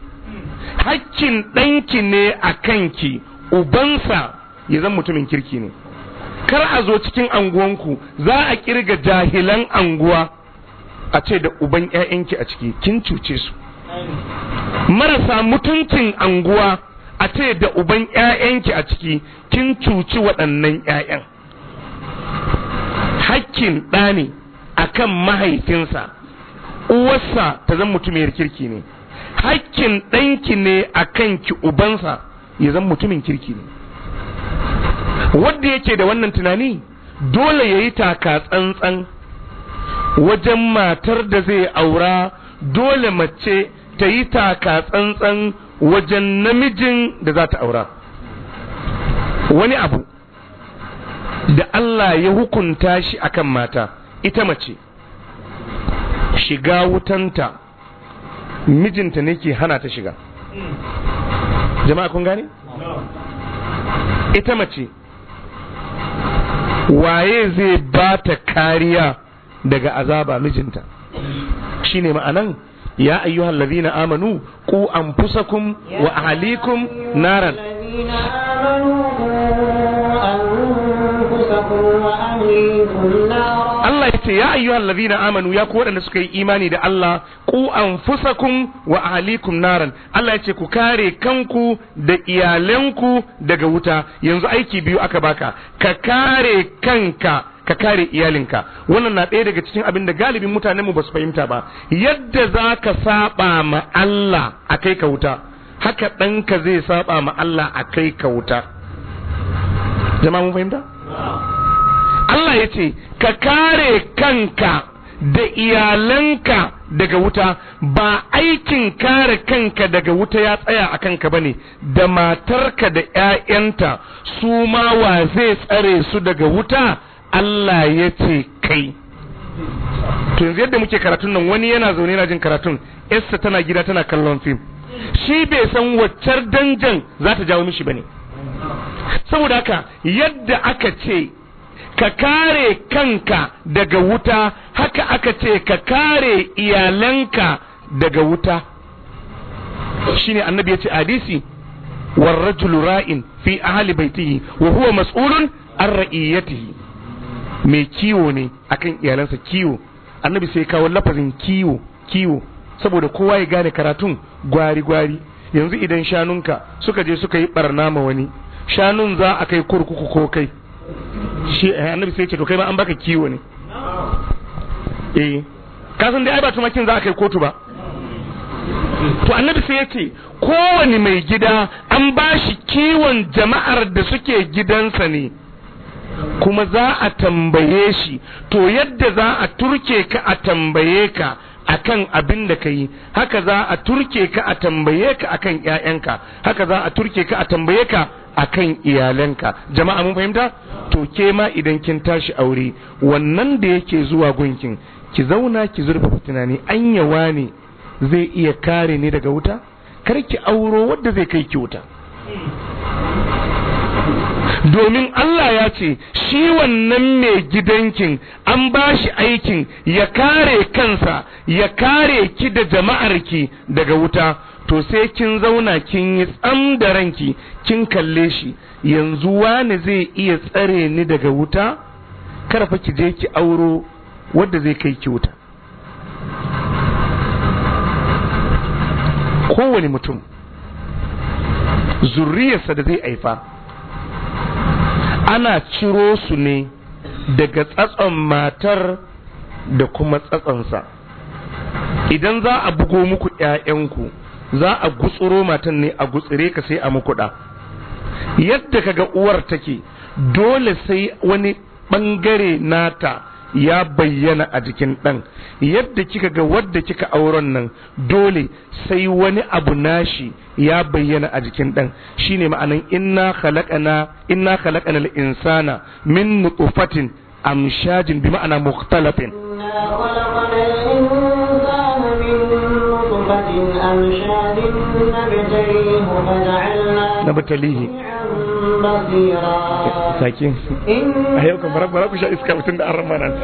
hakkin ɗanki ne a kanki ubansa ya zama mutumin kirki ne kar a zo cikin anguwanku za a kirga jahilan anguwa a ce da uban 'ya'yanki a ciki kin cuce su marasa mutuncin anguwa a ce da uban 'ya'yanki a ciki kin cuci waɗannan 'ya'yan hakkin ɗa ne akan mahaifinsa uwarsa ta zan mutumiyar kirki ne hakkin ɗanki ne akan ki ubansa ya zan mutumin kirki ne wanda yake da wannan tunani dole ya yi taka tsantsan wajen matar da zai aura dole mace ta yi taka tsantsan wajen namijin da za ta aura wani abu da Allah ya hukunta shi akan mata ita mace shiga wutanta mijinta ne ke hana ta shiga jama'a kun gani ita mace waye zai ba ta kariya daga azaba mijinta shine ma'anan ya ayyuhal amanu ku fusa wa ahalikum naran Allah ya ce ya ayyuhal na amanu ya ku waɗanda suka yi imani da Allah ku anfusakum wa ahlikum naran Allah ya ce ku kare kanku da iyalanku daga wuta yanzu aiki biyu aka baka ka kare kanka ka kare iyalinka wannan na ɗaya daga cikin abin da galibin mutanenmu ba su fahimta ba yadda za ka saba ma Allah a kai ka wuta haka ɗanka zai saba ma Allah a kai ka wuta jama'a mun fahimta Allah ya ce ka kare kanka da iyalanka daga wuta ba aikin kare kanka daga wuta ya tsaya a kanka ne da matarka da 'ya'yanta su ma wa zai tsare su daga wuta Allah ya ce kai to yanzu yadda muke karatun nan wani yana zaune yana jin karatun Esther tana gida tana kallon fim shi bai san waccar danjan za ta jawo mishi ba ne saboda haka yadda aka ce ka kare kanka daga wuta haka aka ce ka kare iyalanka daga wuta shine annabi ya ce hadisi war rajulu ra'in fi ahli baitihi wa huwa mas'ulun an ra'iyatihi mai kiwo ne akan iyalansa kiwo annabi sai kawo lafazin kiwo kiwo saboda kowa ya gane karatun gwari gwari yanzu idan shanunka suka je suka yi barna ma wani shanun za a kai kurkuku ko kai shi eh, annabi sai ce to kai ma an baka kiwo ne eh ka san dai ai ba tumakin za a kai kotu ba to annabi sai ya ce kowane mai gida an ba shi kiwon jama'ar da suke gidansa ne kuma za a tambaye shi to yadda za a turke ka a tambaye ka akan abin da ka yi haka za a turke ka a tambaye ka akan ƴaƴanka haka za a turke ka a tambaye ka akan iyalanka jama'a mun fahimta to ke ma idan kin tashi aure wannan da yake zuwa gunkin ki zauna ki zurfafa tunani anyawa ne zai iya kare ni daga wuta kar ki auro wadda zai kai ki wuta domin Allah ya ce shi wannan mai gidankin an ba shi aikin ya kare kansa ya kare ki da jama'arki daga wuta to sai kin zauna kin yi tsam da ranki kin kalle shi yanzu wani zai iya tsare ni daga wuta karfa ki je ki auro wadda zai kai ki wuta kowane mutum zurriyarsa da zai haifa ana ciro su ne daga tsatson matar da kuma tsatsonsa idan za a bugo muku 'ya'yanku za a gutsuro matan ne a gutsire ka sai a mukuda yadda ka ga uwar take dole sai wani bangare nata ya bayyana a jikin ɗan yadda kika ga wadda kika auren nan dole sai wani abu nashi ya bayyana a jikin ɗan shine ma'anan inna khalaqana inna khalaqana al-insana min nutfatin amshajin bi ma'ana mukhtalafin نبتليه برب أرمانا نطفة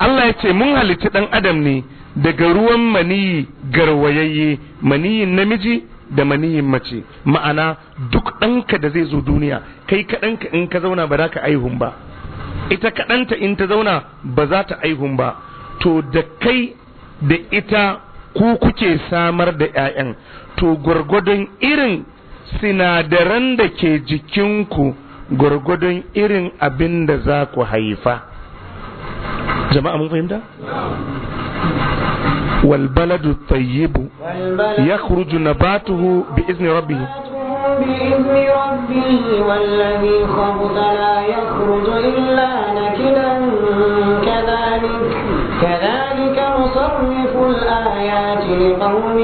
Allah ya ce mun halicci ɗan adam ne daga ruwan maniyi garwayayye maniyin namiji da maniyin mace ma'ana duk ɗanka da zai zo duniya kai kaɗanka in ka zauna ba za ka aihun ba ita kaɗanta in ta zauna ba za ta aihun ba to da kai da ita ku kuke samar da 'ya'yan to gwargwadon irin sinadaran da ke jikinku gwargwadon irin abin da za ku haifa jama'a mun fahimta? والبلد الطيب يخرج bi بإذن ربه بإذن ربه والذي خبث لا يخرج إلا نكدا كذلك كذلك نصرف الآيات لقوم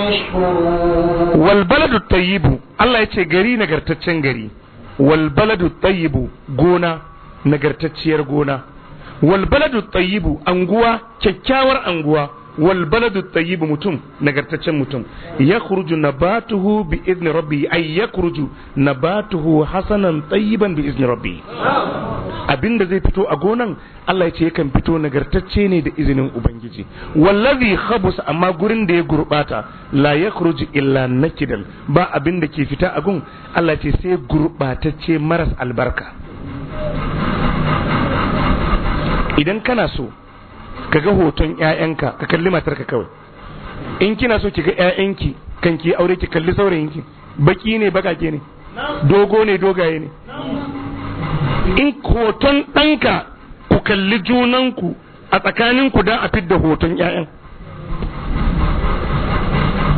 يشكرون والبلد الطيب الله يتشي غري نغرتتشن غري والبلد الطيب غونا نغرتتشير غونا والبلد الطيب أنغوا كيكاور أنغوا wal baladu tayyib mutum nagartaccen mutum yakhruju nabatuhu bi izni rabbi ay yakhruju nabatuhu hasanan tayyiban bi izni rabbi abinda zai fito a gonan Allah ya ce yakan fito nagartacce ne da izinin ubangiji wallazi khabus amma gurin da ya gurbata la yakhruju illa nakidan ba abinda ke fita a gun Allah ya ce sai gurbatacce maras albarka idan kana so ka ga hoton ƴaƴanka ka kalli matarka kawai in kina so ki ga ƴaƴanki kan ki aure ki kalli saurayinki baki ne bakake ne dogo ne dogaye ne in hoton ɗanka ku kalli junanku a tsakaninku don a fidda hoton ƴaƴan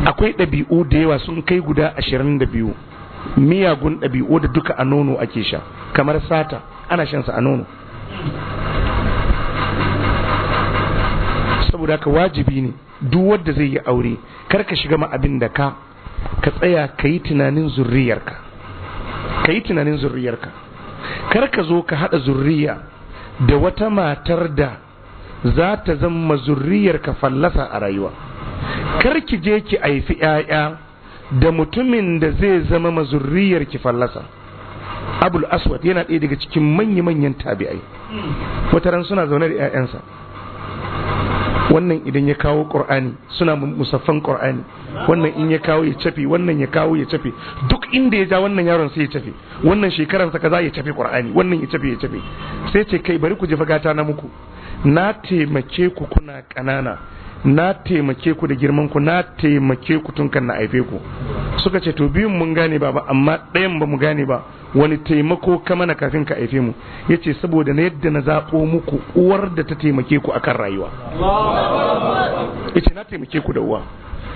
akwai ɗabi'u da yawa sun kai guda ashirin da biyu miyagun ɗabi'u da duka a nono ake sha kamar sata ana shansa a nono saboda ka wajibi ne duk wanda zai yi aure kar ka shiga ma abin da ka ka tsaya kai tunanin zurriyarka kai tunanin zurriyarka kar ka zo ka hada zurriya da wata matar da za ta zama zurriyarka fallasa a rayuwa kar ki je ki haifi 'ya'ya da mutumin da zai zama mazurriyar ki fallasa abul aswad yana ɗaya daga cikin manya-manyan tabi'ai wataran suna zaune da ƴaƴansa. wannan idan ya kawo qur'ani suna musaffan qur'ani wannan in ya kawo ya cafe wannan ya kawo ya cafe duk inda ya ja wannan yaron sai ya cafe wannan shekaran sa kaza ya cafe qur'ani wannan ya cafe ya cafe sai ce kai bari ku ji gata na muku na taimake ku kuna ƙanana. na taimake ku da girman ku na taimake ku tun kan na aife ku suka ce to biyun mun gane ba amma ɗayan ba mu gane ba wani taimako ka mana kafin ka aife mu yace saboda na yadda na zaɓo muku uwar da ta taimake ku akan rayuwa yace na taimake ku da uwa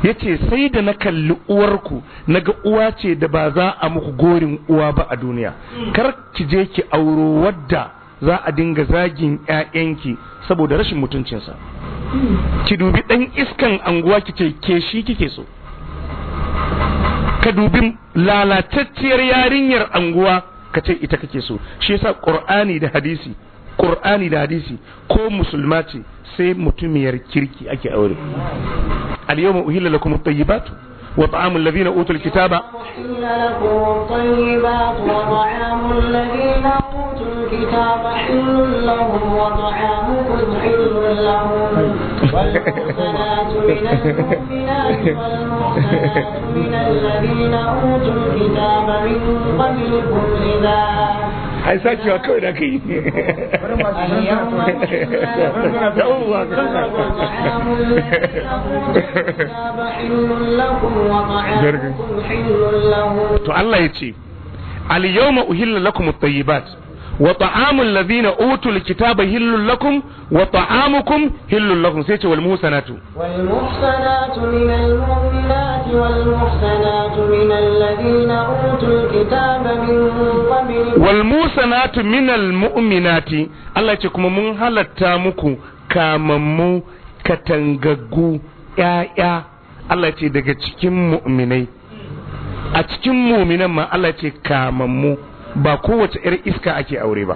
yace sai da na kalli uwarku na ga uwa ce da ba za a muku gorin uwa ba a duniya kar ki je ki auro wadda za a dinga zagin 'ya'yanki saboda rashin mutuncinsa ki dubi ɗan iskan anguwa kike ke shi kike so ka dubi lalatacciyar yarinyar anguwa ka ce ita kake so shi yasa qur'ani da hadisi qur'ani da hadisi ko musulma ce اليوم أهل لكم الطيبات وطعام الذين أوتوا الكتاب أحل لكم الطيبات وطعام الذين أوتوا الكتاب حل لهم وطعامكم حل لهم والمحصنات من المؤمنات والمحصنات من الذين أوتوا الكتاب من قبلكم إذا 还是要个人可以。تو الله يجي اليوم أهل لكم الطيبات wa ta'amul ladina utul kitaba hillul lakum wa ta'amukum hillul lakum sai ce wal muhsanatu wal muhsanatu minal mu'minati wal muhsanatu minal ladina utul kitaba min wal muhsanatu minal mu'minati Allah ce kuma mun halarta muku kamammu katangaggu yaya, Allah ce daga cikin mu'minai a cikin mu'minan ma Allah ce kamammu ba kowace yar iska ake aure ba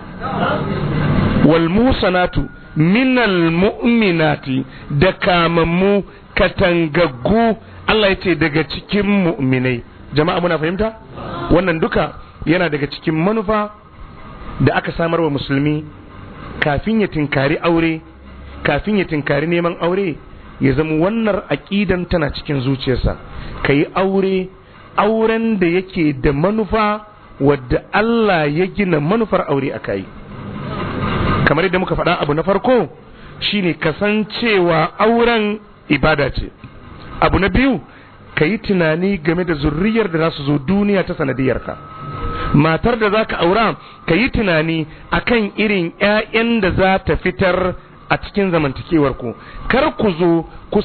wal musanatu minal mu'minati da kamammu katangaggu Allah ya ce daga cikin mu'minai jama'a muna fahimta wannan duka yana daga cikin manufa da aka samar wa musulmi kafin ya tinkari aure kafin ya tinkari neman aure ya zama wannan aƙidan tana cikin zuciyarsa ka yi aure auren da yake da manufa wadda Allah ya gina manufar aure a kai kamar yadda muka faɗa abu na farko shi ne kasancewa auren ibada ce abu na biyu ka yi tunani game da zurriyar da za su zo duniya ta sanadiyarka matar da za ka aura ka yi tunani a kan irin 'ya'yan da za ta fitar a cikin zamantakewar ku kar ku zo ku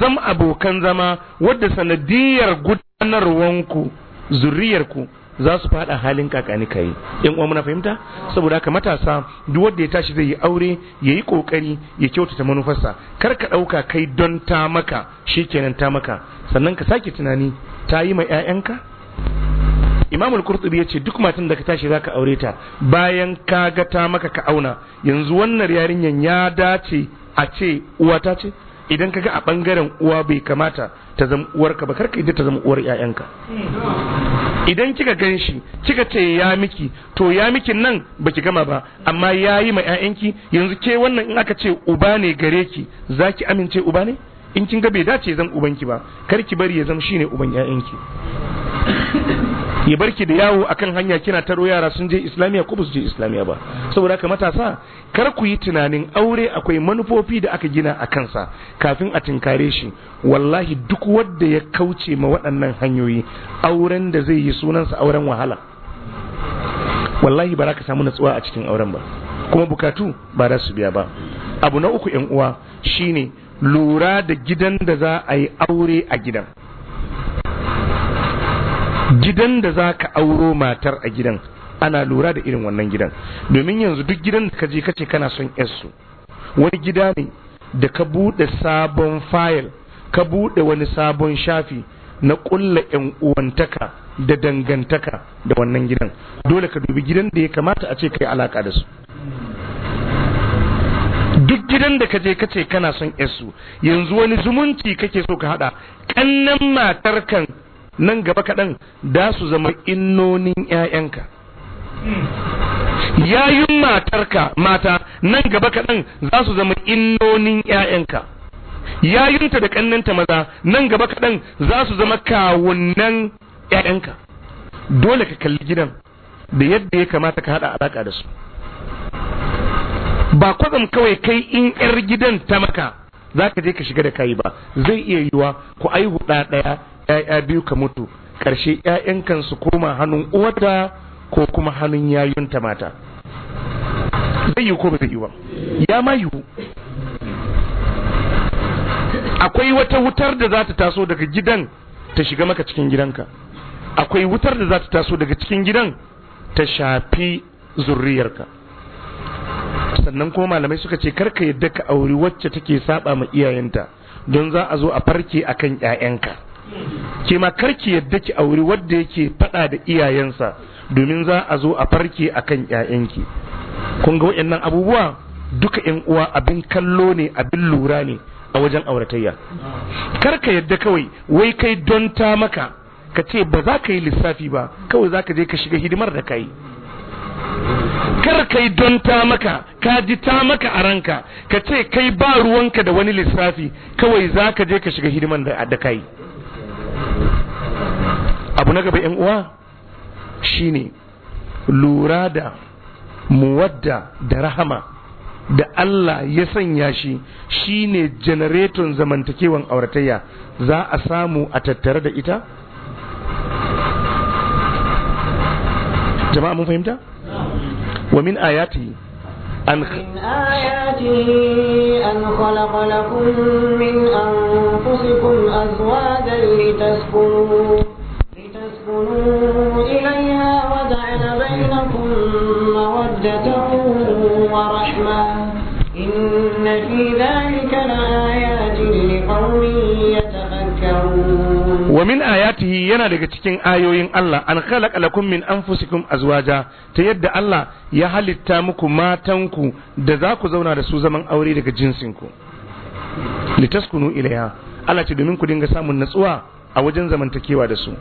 zama abokan zama wadda sanadiyar gudanarwanku zurriyarku za su fada halin kakani kai in uwa muna fahimta saboda ka matasa duk wanda ya tashi zai yi aure ya yi kokari ya kyautata manufarsa kar ka ɗauka kai don ta maka shikenan ta maka sannan ka sake tunani ta yi ma 'ya'yanka imamul qurtubi yace duk matan da ka tashi zaka aure ta bayan ka ga ta maka ka auna yanzu wannan yarinyan ya dace a ce uwa ta ce idan ka ga a bangaren uwa bai kamata ta zama uwarka ba ka idan ta zama uwar 'ya'yanka idan kika gan shi kika ce ya miki to ya miki nan baki gama ba amma ya yi ma 'ya'yanki yanzu ke wannan in aka ce uba ne gare ki za ki amince uba ne in kin ga bai dace zan uban ki ba kar ki bari ya zama shine uban ki ya barki da yawo akan hanya kina taro yara sun je islamiya ko su je islamiya ba saboda haka matasa kar ku yi tunanin aure akwai manufofi da aka gina a kansa kafin a tinkare shi wallahi duk wanda ya kauce ma waɗannan hanyoyi auren da zai yi sunansa auren wahala wallahi ba za ka samu natsuwa a cikin auren ba kuma bukatu ba za su biya ba abu na uku yan uwa shine lura da gidan da za a yi aure a gidan gidan da za ka auro matar a gidan ana lura da irin wannan gidan domin yanzu duk gidan da ka je kace kana son su wani gida ne da ka buɗe sabon fayil ka buɗe wani sabon shafi na ƙulla 'yan uwantaka da dangantaka da wannan gidan dole ka dubi gidan da ya kamata a ce ka yi alaka da su duk gidan da kaje kace kana son yarsu yanzu wani zumunci kake so ka hada kannan matar kan nan gaba kaɗan da su zama innonin 'ya'yanka yayin matarka mata nan gaba kaɗan za su zama innonin 'ya'yanka yayinta da ƙannanta maza nan gaba kaɗan za su zama kawunan 'ya'yanka dole ka kalli gidan da yadda ya kamata ka haɗa alaƙa da su ba kwatsam kawai kai in yar gidan ta maka za ka je ka shiga da kayi ba zai iya yiwa ku aihu huɗa ɗaya ya'ya biyu ka mutu ƙarshe ƴaƴan kan su koma hannun uwata ko kuma hannun ta mata zai yi ko bai zai yi ba ya ma yiwu akwai wata wutar da za ta taso daga gidan ta shiga maka cikin gidanka akwai wutar da za ta taso daga cikin gidan ta shafi zurriyarka sannan kuma malamai suka ce karka yadda ka auri wacce take saba ma iyayenta don za a zo a farke akan ƴaƴanka ke ma karki yadda ki auri wadda yake fada da iyayensa domin za a zo a farke akan ƴaƴanki kun ga waɗannan abubuwa duka ƴan uwa abin kallo ne abin lura ne a wajen auratayya karka yadda kawai wai kai don ta maka ka ce ba za ka yi lissafi ba kawai za ka je ka shiga hidimar da ka yi kar kai don ta maka ka ji ta maka a ranka ka ce kai ba ruwanka da wani lissafi kawai za ka je ka shiga hidiman da da kai abu na gaba uwa shine lura da muwadda da rahama da Allah ya sanya shi shine janareton zamantakewan auratayya za a samu a tattare da ita jama'a mun fahimta ومن آياته أن من آياته أن خلق لكم من أنفسكم أزواجا لتسكنوا لتسكنوا إليها وجعل بينكم مودة ورحمة إن في ذلك لآيات لقوم يتفكرون wa min ayatihi yana daga cikin ayoyin Allah an khalaqa lakum min anfusikum azwaja ta yadda Allah ya halitta muku matanku da za ku zauna da su zaman aure daga jinsin ku litaskunu ilaiha Allah ce domin ku dinga samun natsuwa a wajen zamantakewa da su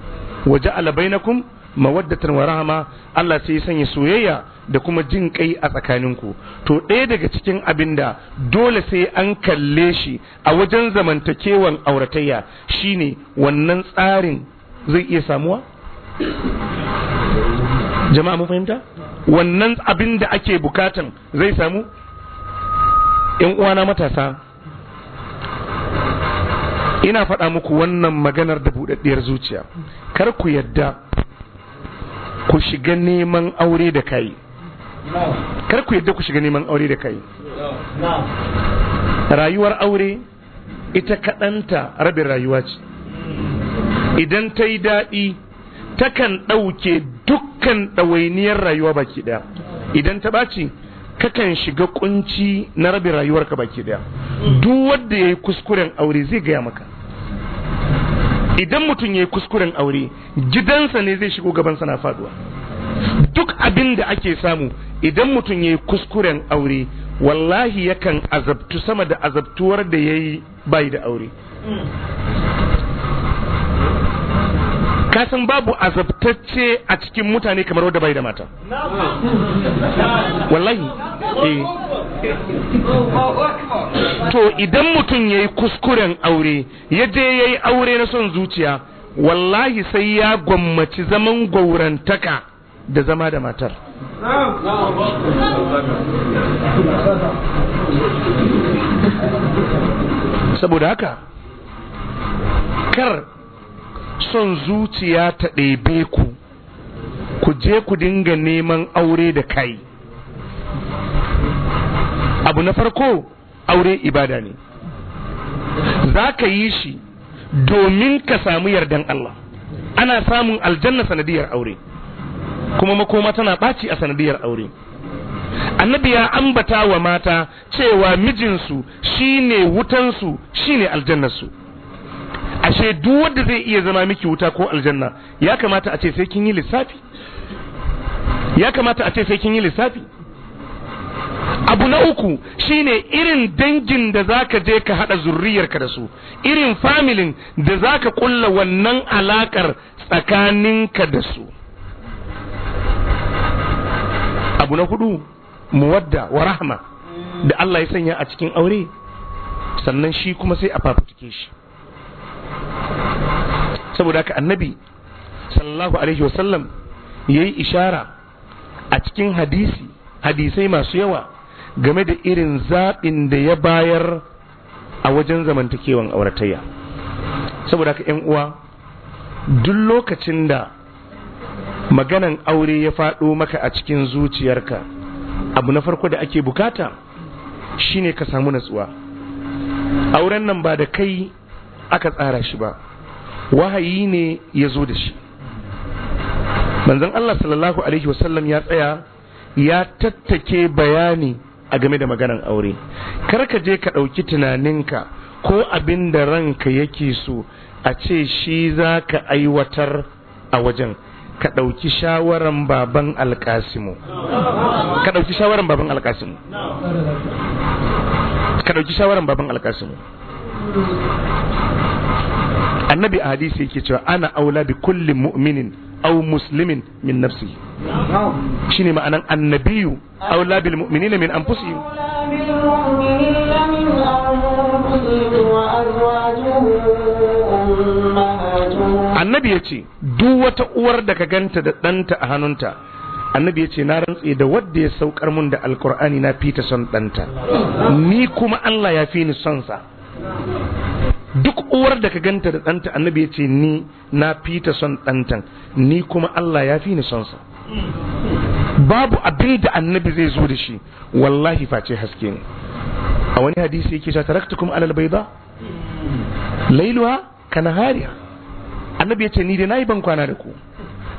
waje na bainakum mawaddatan wa rahama Allah sai ya sanya soyayya da kuma jin kai a tsakaninku to ɗaya daga cikin abin da dole sai an kalle shi a wajen zamantakewan auratayya shine wannan tsarin zai iya samuwa jama'a mun fahimta wannan abin da ake bukatan zai samu yan uwana matasa ina faɗa muku wannan maganar da buɗaɗɗiyar zuciya kar ku yadda ku shiga neman aure da kai kar ku yadda ku shiga neman aure da kai rayuwar aure ita kaɗanta rabin rayuwa ce idan ta yi daɗi takan ɗauke dukkan ɗawainiyar rayuwa baki ɗaya idan ta ɓaci kakan shiga kunci na rabin rayuwarka baki ɗaya duk wanda ya yi kuskuren aure zai gaya maka idan mutum ya yi kuskuren aure gidansa ne zai shigo gabansa na faduwa duk abin da ake samu idan mutum ya yi kuskuren aure wallahi yakan azabtu sama da azabtuwar da ya yi bai da aure kasan babu azabtacce a cikin mutane kamar wadda bai da mata wallahi eh. to idan mutum ya yi kuskuren aure ya je ya yi aure na son zuciya wallahi sai ya gwammaci zaman gwaurantaka da zama da matar saboda haka kar son zuciya ta ɗebe ku ku je ku dinga neman aure da kai abu na farko aure ibada ne za ka yi shi domin ka samu yardan Allah ana samun aljanna sanadiyar aure kuma makoma tana ɓaci a sanadiyar aure annabi ya ambata wa mata cewa mijinsu shine wutansu shine aljannarsu ashe duk wanda zai iya zama miki wuta ko aljanna ya kamata a ce sai kin yi lissafi ya kamata a ce sai kin yi lissafi abu na uku shine irin dangin da zaka je ka hada zurriyarka da su irin familin da zaka ƙulla wannan alakar tsakaninka da su abu na hudu muwadda wa rahma da Allah ya sanya a cikin aure sannan shi kuma sai a fafutuke shi saboda haka annabi sallallahu alaihi wasallam ya yi ishara a cikin hadisi hadisai masu yawa game da irin zaɓin da ya bayar a wajen zamantakewan auratayya saboda haka yan uwa duk lokacin da maganan aure ya faɗo maka a cikin zuciyarka abu na farko da ake bukata shine ka samu natsuwa auren nan ba da kai aka tsara shi ba wahayi ne ya zo da shi manzon Allah sallallahu alaihi wasallam ya tsaya ya tattake bayani a game da maganan aure kar ka je ka ɗauki tunaninka ko abin da ranka yake so a ce shi za ka aiwatar a wajen ka ɗauki shawaran baban alkasimu ka ɗauki shawaran baban alkasimu ka ɗauki shawaran baban alƙasimu annabi a hadisi yake cewa ana aula bi kulli mu'minin au muslimin min nafsi ne ma'anan annabiyu aula bil mu'minin min anfusihim annabi ya ce duk wata uwar da ka ganta da ɗanta a hannunta annabi ya ce na rantse da wadda ya saukar mun da alkur'ani na fita son ɗanta ni kuma Allah ya fi ni son sa duk uwar da ka ganta da ɗanta annabi ya ce ni na fita son ɗantan ni kuma Allah ya fi ni son sa babu abin da annabi zai zo da shi wallahi face haske ne a wani hadisi yake sa taraktukum alal bayda lailuha kana hariya annabi ya ce ni dai nayi ban kwana da ku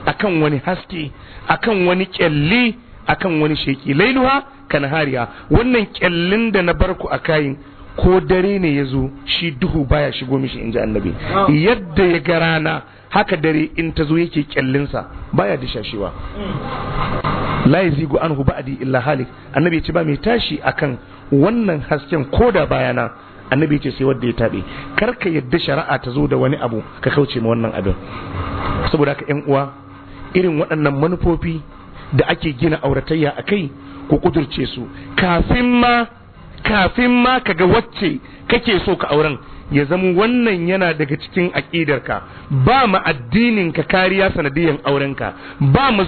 akan wani haske akan wani kyalli akan wani sheki lailuha kana hariya wannan kyallin da na barku a kayin ko dare ne ya zo shi duhu baya shigo mishi in ji annabi yadda ya ga rana haka dare in ta zo yake kyallinsa baya dishashewa la yazigu anhu ba'di illa halik annabi ya ce ba mai tashi akan wannan hasken koda bayana annabi ce sai wanda ya tabe kar ka yadda shari'a ta zo da wani abu ka kauce ma wannan abin saboda haka yan uwa irin waɗannan manufofi da ake gina auratayya a kai ko kudurce su kafin ma kafin ma kaga wacce kake so ka auren ya zama wannan yana daga cikin aƙidarka ba ma addininka kariya sanadiyar aurenka ba ma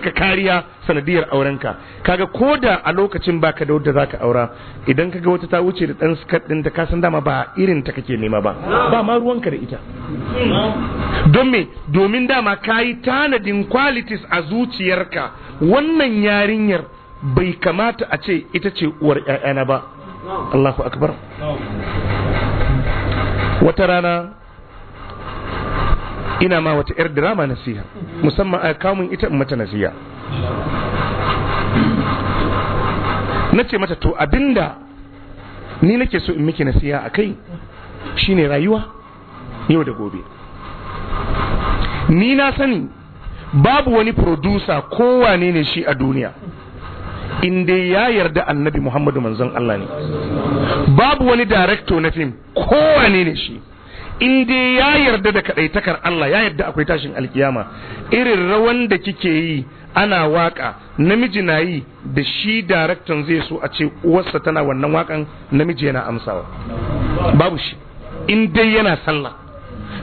ka kariya sanadiyar aurenka kaga ko da a lokacin baka da wadda zaka aura idan kaga wata ta wuce da dan skirt din ta kasan dama ba irin ta kake nema ba ba ma ruwanka da ita don me domin dama kayi tanadin qualities a zuciyarka wannan yarinyar bai kamata a ce ita ce uwar ƴaƴana ba Allahu akbar wata rana ina ma wata 'yar drama nasiha musamman a kamun ita mata nasiha na ce mata to abinda ni nake so in miki nasiha a kai shine rayuwa yau da gobe ni na sani babu wani producer kowane ne shi a duniya in dai ya yarda annabi muhammadu manzon Allah ne babu wani director na fim kowane ne shi in dai ya yarda da kaɗaitakar Allah ya yarda akwai tashin alkiyama irin rawan da kike yi ana waka namiji na yi da shi daraktan zai so a ce uwarsa tana wannan wakan namiji yana amsawa babu shi in dai yana sallah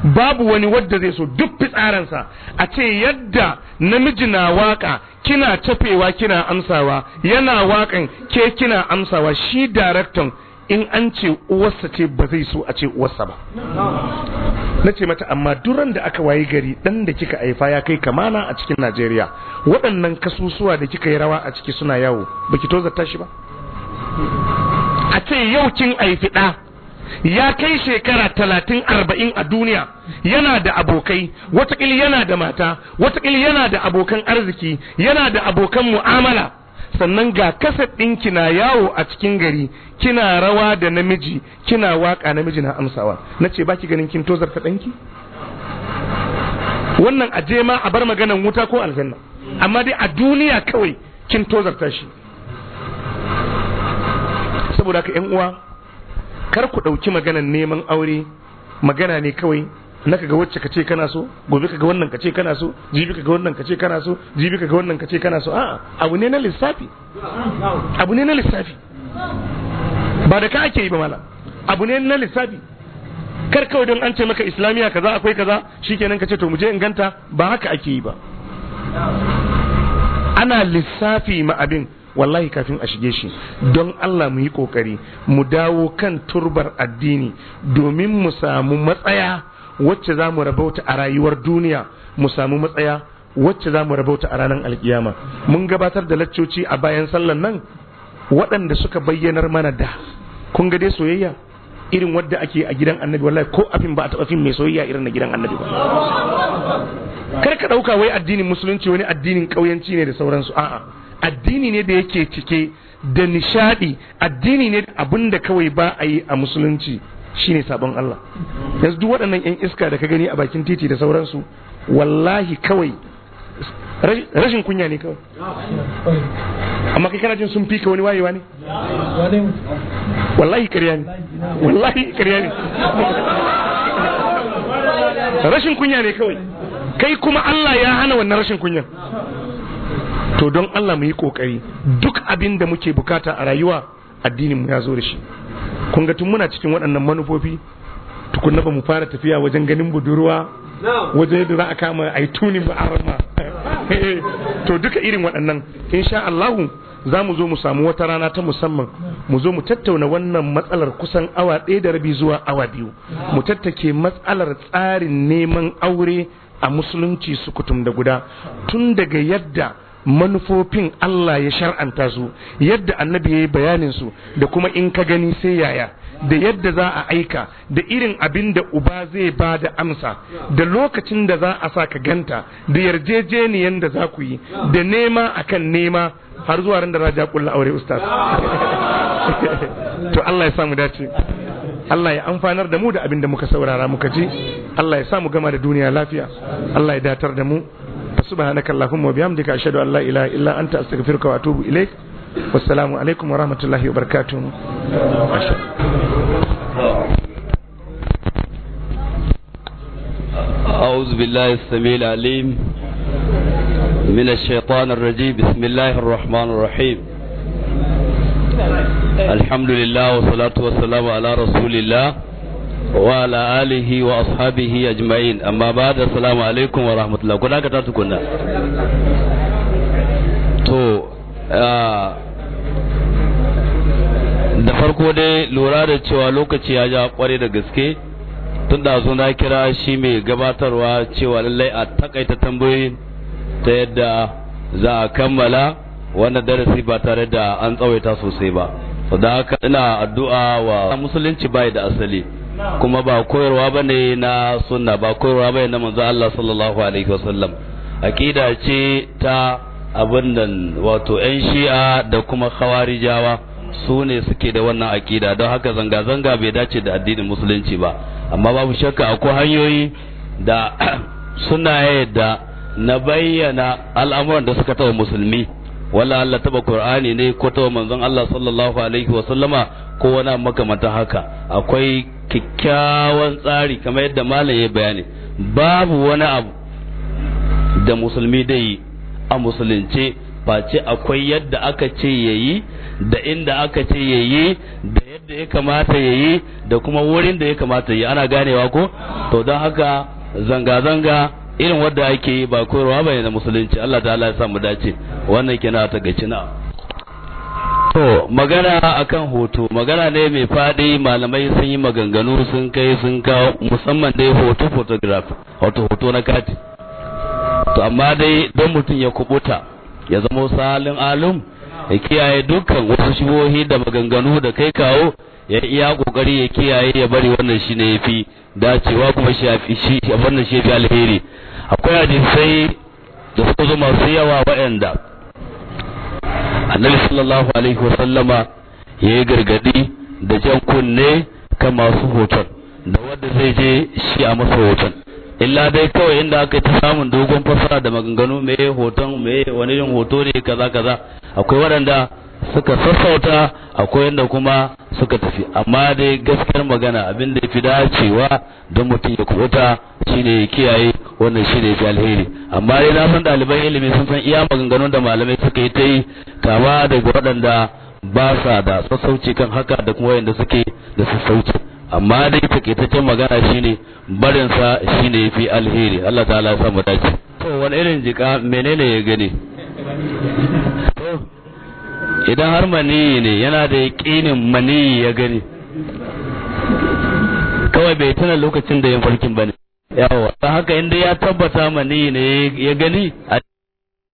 babu wani wadda zai so duk fitsaransa a ce yadda namiji na waka kina tafewa kina amsawa yana wakan ke kina amsawa shi daraktan in an ce uwarsa ce ba zai so a ce uwarsa ba na ce mata amma duran da aka wayi gari dan da kika haifa ya kai kamana a cikin najeriya waɗannan kasusuwa da kika yi rawa a ciki suna yawo ba ki toza shi ba a ce yau kin haifi ɗa ya kai shekara talatin arba'in a duniya yana da abokai watakili yana da mata watakili yana da abokan arziki yana da abokan mu'amala sannan ga kasa ɗinki na yawo a cikin gari kina rawa da namiji kina waka namiji na amsawa na ce baki ganin kin tozar ta ɗanki wannan a je ma a bar maganan wuta ko aljanna amma dai a duniya kawai kin tozarta shi saboda ka yan uwa kar ku ɗauki magana neman aure magana ne kawai na kaga wacce kace kana so gobe kaga wannan kace kana so jibi kaga wannan kace kana so jibi kaga wannan kace kana so a'a abu ne na lissafi abu ne na lissafi ba da ka ake yi ba mala abu ne na lissafi kar kawai don an ce maka islamiya kaza akwai kaza shikenan kace to mu je in ganta ba haka ake yi ba ana lissafi ma abin wallahi kafin a shige shi don Allah mu yi kokari mu dawo kan turbar addini domin mu samu matsaya wacce za mu rabauta a rayuwar duniya mu samu matsaya wacce za mu rabauta a ranar alkiyama mun gabatar da laccoci a bayan sallan nan waɗanda suka bayyanar mana da kun ga soyayya irin wadda ake a gidan annabi wallahi ko afin ba a taɓa fin mai soyayya irin na gidan annabi ba kar ka ɗauka wai addinin musulunci wani addinin ƙauyanci ne da sauransu a'a addini ne da yake cike da nishadi addini ne abinda da kawai ba a yi a musulunci shine sabon Allah yanzu duk waɗannan yan iska da ka gani a bakin titi da sauransu wallahi kawai rashin kunya ne kawai amma kai kana jin sun fika wani wayewa ne wallahi ƙarya ne wallahi ƙarya ne rashin kunya ne kawai kai kuma Allah ya hana wannan rashin kunya to don Allah mu yi kokari duk abin da muke bukata a rayuwa addinin mu ya zo da shi kun ga tun muna cikin waɗannan manufofi tukunna ba mu fara tafiya wajen ganin budurwa wajen yadda za a kama a yi tunin ba arama to duka irin waɗannan insha Allahu za mu zo mu samu wata rana ta musamman mu zo mu tattauna wannan matsalar kusan awa ɗaya da rabi zuwa awa biyu mu tattake matsalar tsarin neman aure a musulunci sukutum da guda tun daga yadda manufofin Allah ya shar'anta su yadda annabi ya yi bayanin su da kuma in ka gani sai yaya da yadda za a aika da irin abin da uba zai ba da amsa da lokacin da za a sa ka ganta da yarjejeniyan da za ku yi da nema akan nema har zuwa ran da raja kulla aure ustaz to Allah ya samu dace Allah ya amfanar da mu da abin da muka saurara muka ji Allah ya samu gama da duniya lafiya Allah ya datar da mu subhanaka allahumma wa bihamdika ashhadu an la ilaha illa anta astaghfiruka wa atubu ilaik wassalamu alaikum wa rahmatullahi wa barakatuh أعوذ بالله السميع العليم من الشيطان الرجيم بسم الله الرحمن الرحيم الحمد لله والصلاة والسلام على رسول الله Wa وعلى آله وأصحابه أجمعين أما بعد السلام عليكم ورحمة الله كنا كتبت كنا to da farko dai lura da cewa lokaci ya ja kware da gaske tun da zo na kira shi mai gabatarwa cewa lallai a takaita tambayoyin ta yadda za a kammala wannan darasi ba tare da an tsawaita sosai ba saboda haka ina addu'a wa musulunci bai da asali kuma ba koyarwa ba ne na sunna ba koyarwa bane na manzo Allah sallallahu alaihi wasallam aqida ce ta abin nan wato yan shi'a da kuma khawarijawa su ne suke da wannan aqida don haka zanga zanga bai dace da addinin musulunci ba amma babu shakka akwai hanyoyi da suna yadda na bayyana al'amuran da suka taɓa musulmi wala Allah taba Qur'ani ne ko taɓa manzon Allah sallallahu alaihi wasallama ko wani makamantan haka akwai kyakkyawan tsari kamar yadda malam ya bayani babu wani abu da musulmi da yi a musulunce face akwai yadda aka ce yayi da inda aka ce yayi da yadda ya kamata ya da kuma wurin da ya kamata ya yi ana ganewa ko to don haka zanga-zanga irin wadda ake yi ba koyarwa bane na musulunci Allah ta'ala ya sa mu dace wannan kina ta gaci na To, magana akan hoto, magana ne mai faɗi malamai sun yi maganganu sun kai sun kawo musamman dai hoto photograph, hoto hoto na kati. To, amma dai don mutum ya kubuta, ya zama salin alum, ya kiyaye dukkan wasu shibohi da maganganu da kai kawo, ya iya kokari ya kiyaye ya bari wannan shi ne fi dacewa kuma shi shi wannan shi ya fi alheri. Akwai hadisai da suka zo masu yawa waɗanda annabi sallallahu alaihi wasallama ya yi gargadi da jan kunne ka masu hoton da wanda zai je shi a masa hoton illa dai kawai inda aka ta samun dogon fasara da maganganu me hoton me wani yin hoto ne kaza kaza akwai waɗanda suka sassauta akwai inda kuma suka tafi amma dai gaskiyar magana abin da ya fi dacewa don mutum ya kubuta shine ya kiyaye wannan shine ya fi alheri amma dai na san ɗaliban ilimi sun san iya maganganun da malamai suka yi ta yi kama daga waɗanda ba sa da sassauci kan haka da kuma wayanda suke da sassauci amma dai takaitaccen magana shine barin sa shine fi alheri Allah ta'ala ya samu dace to wani irin jika menene ya gani idan har maniyi ne yana da yaƙinin maniyi ya gani kawai bai tana lokacin da ya farkin bane yawa ta haka inda ya tabbata mani ne ya gani a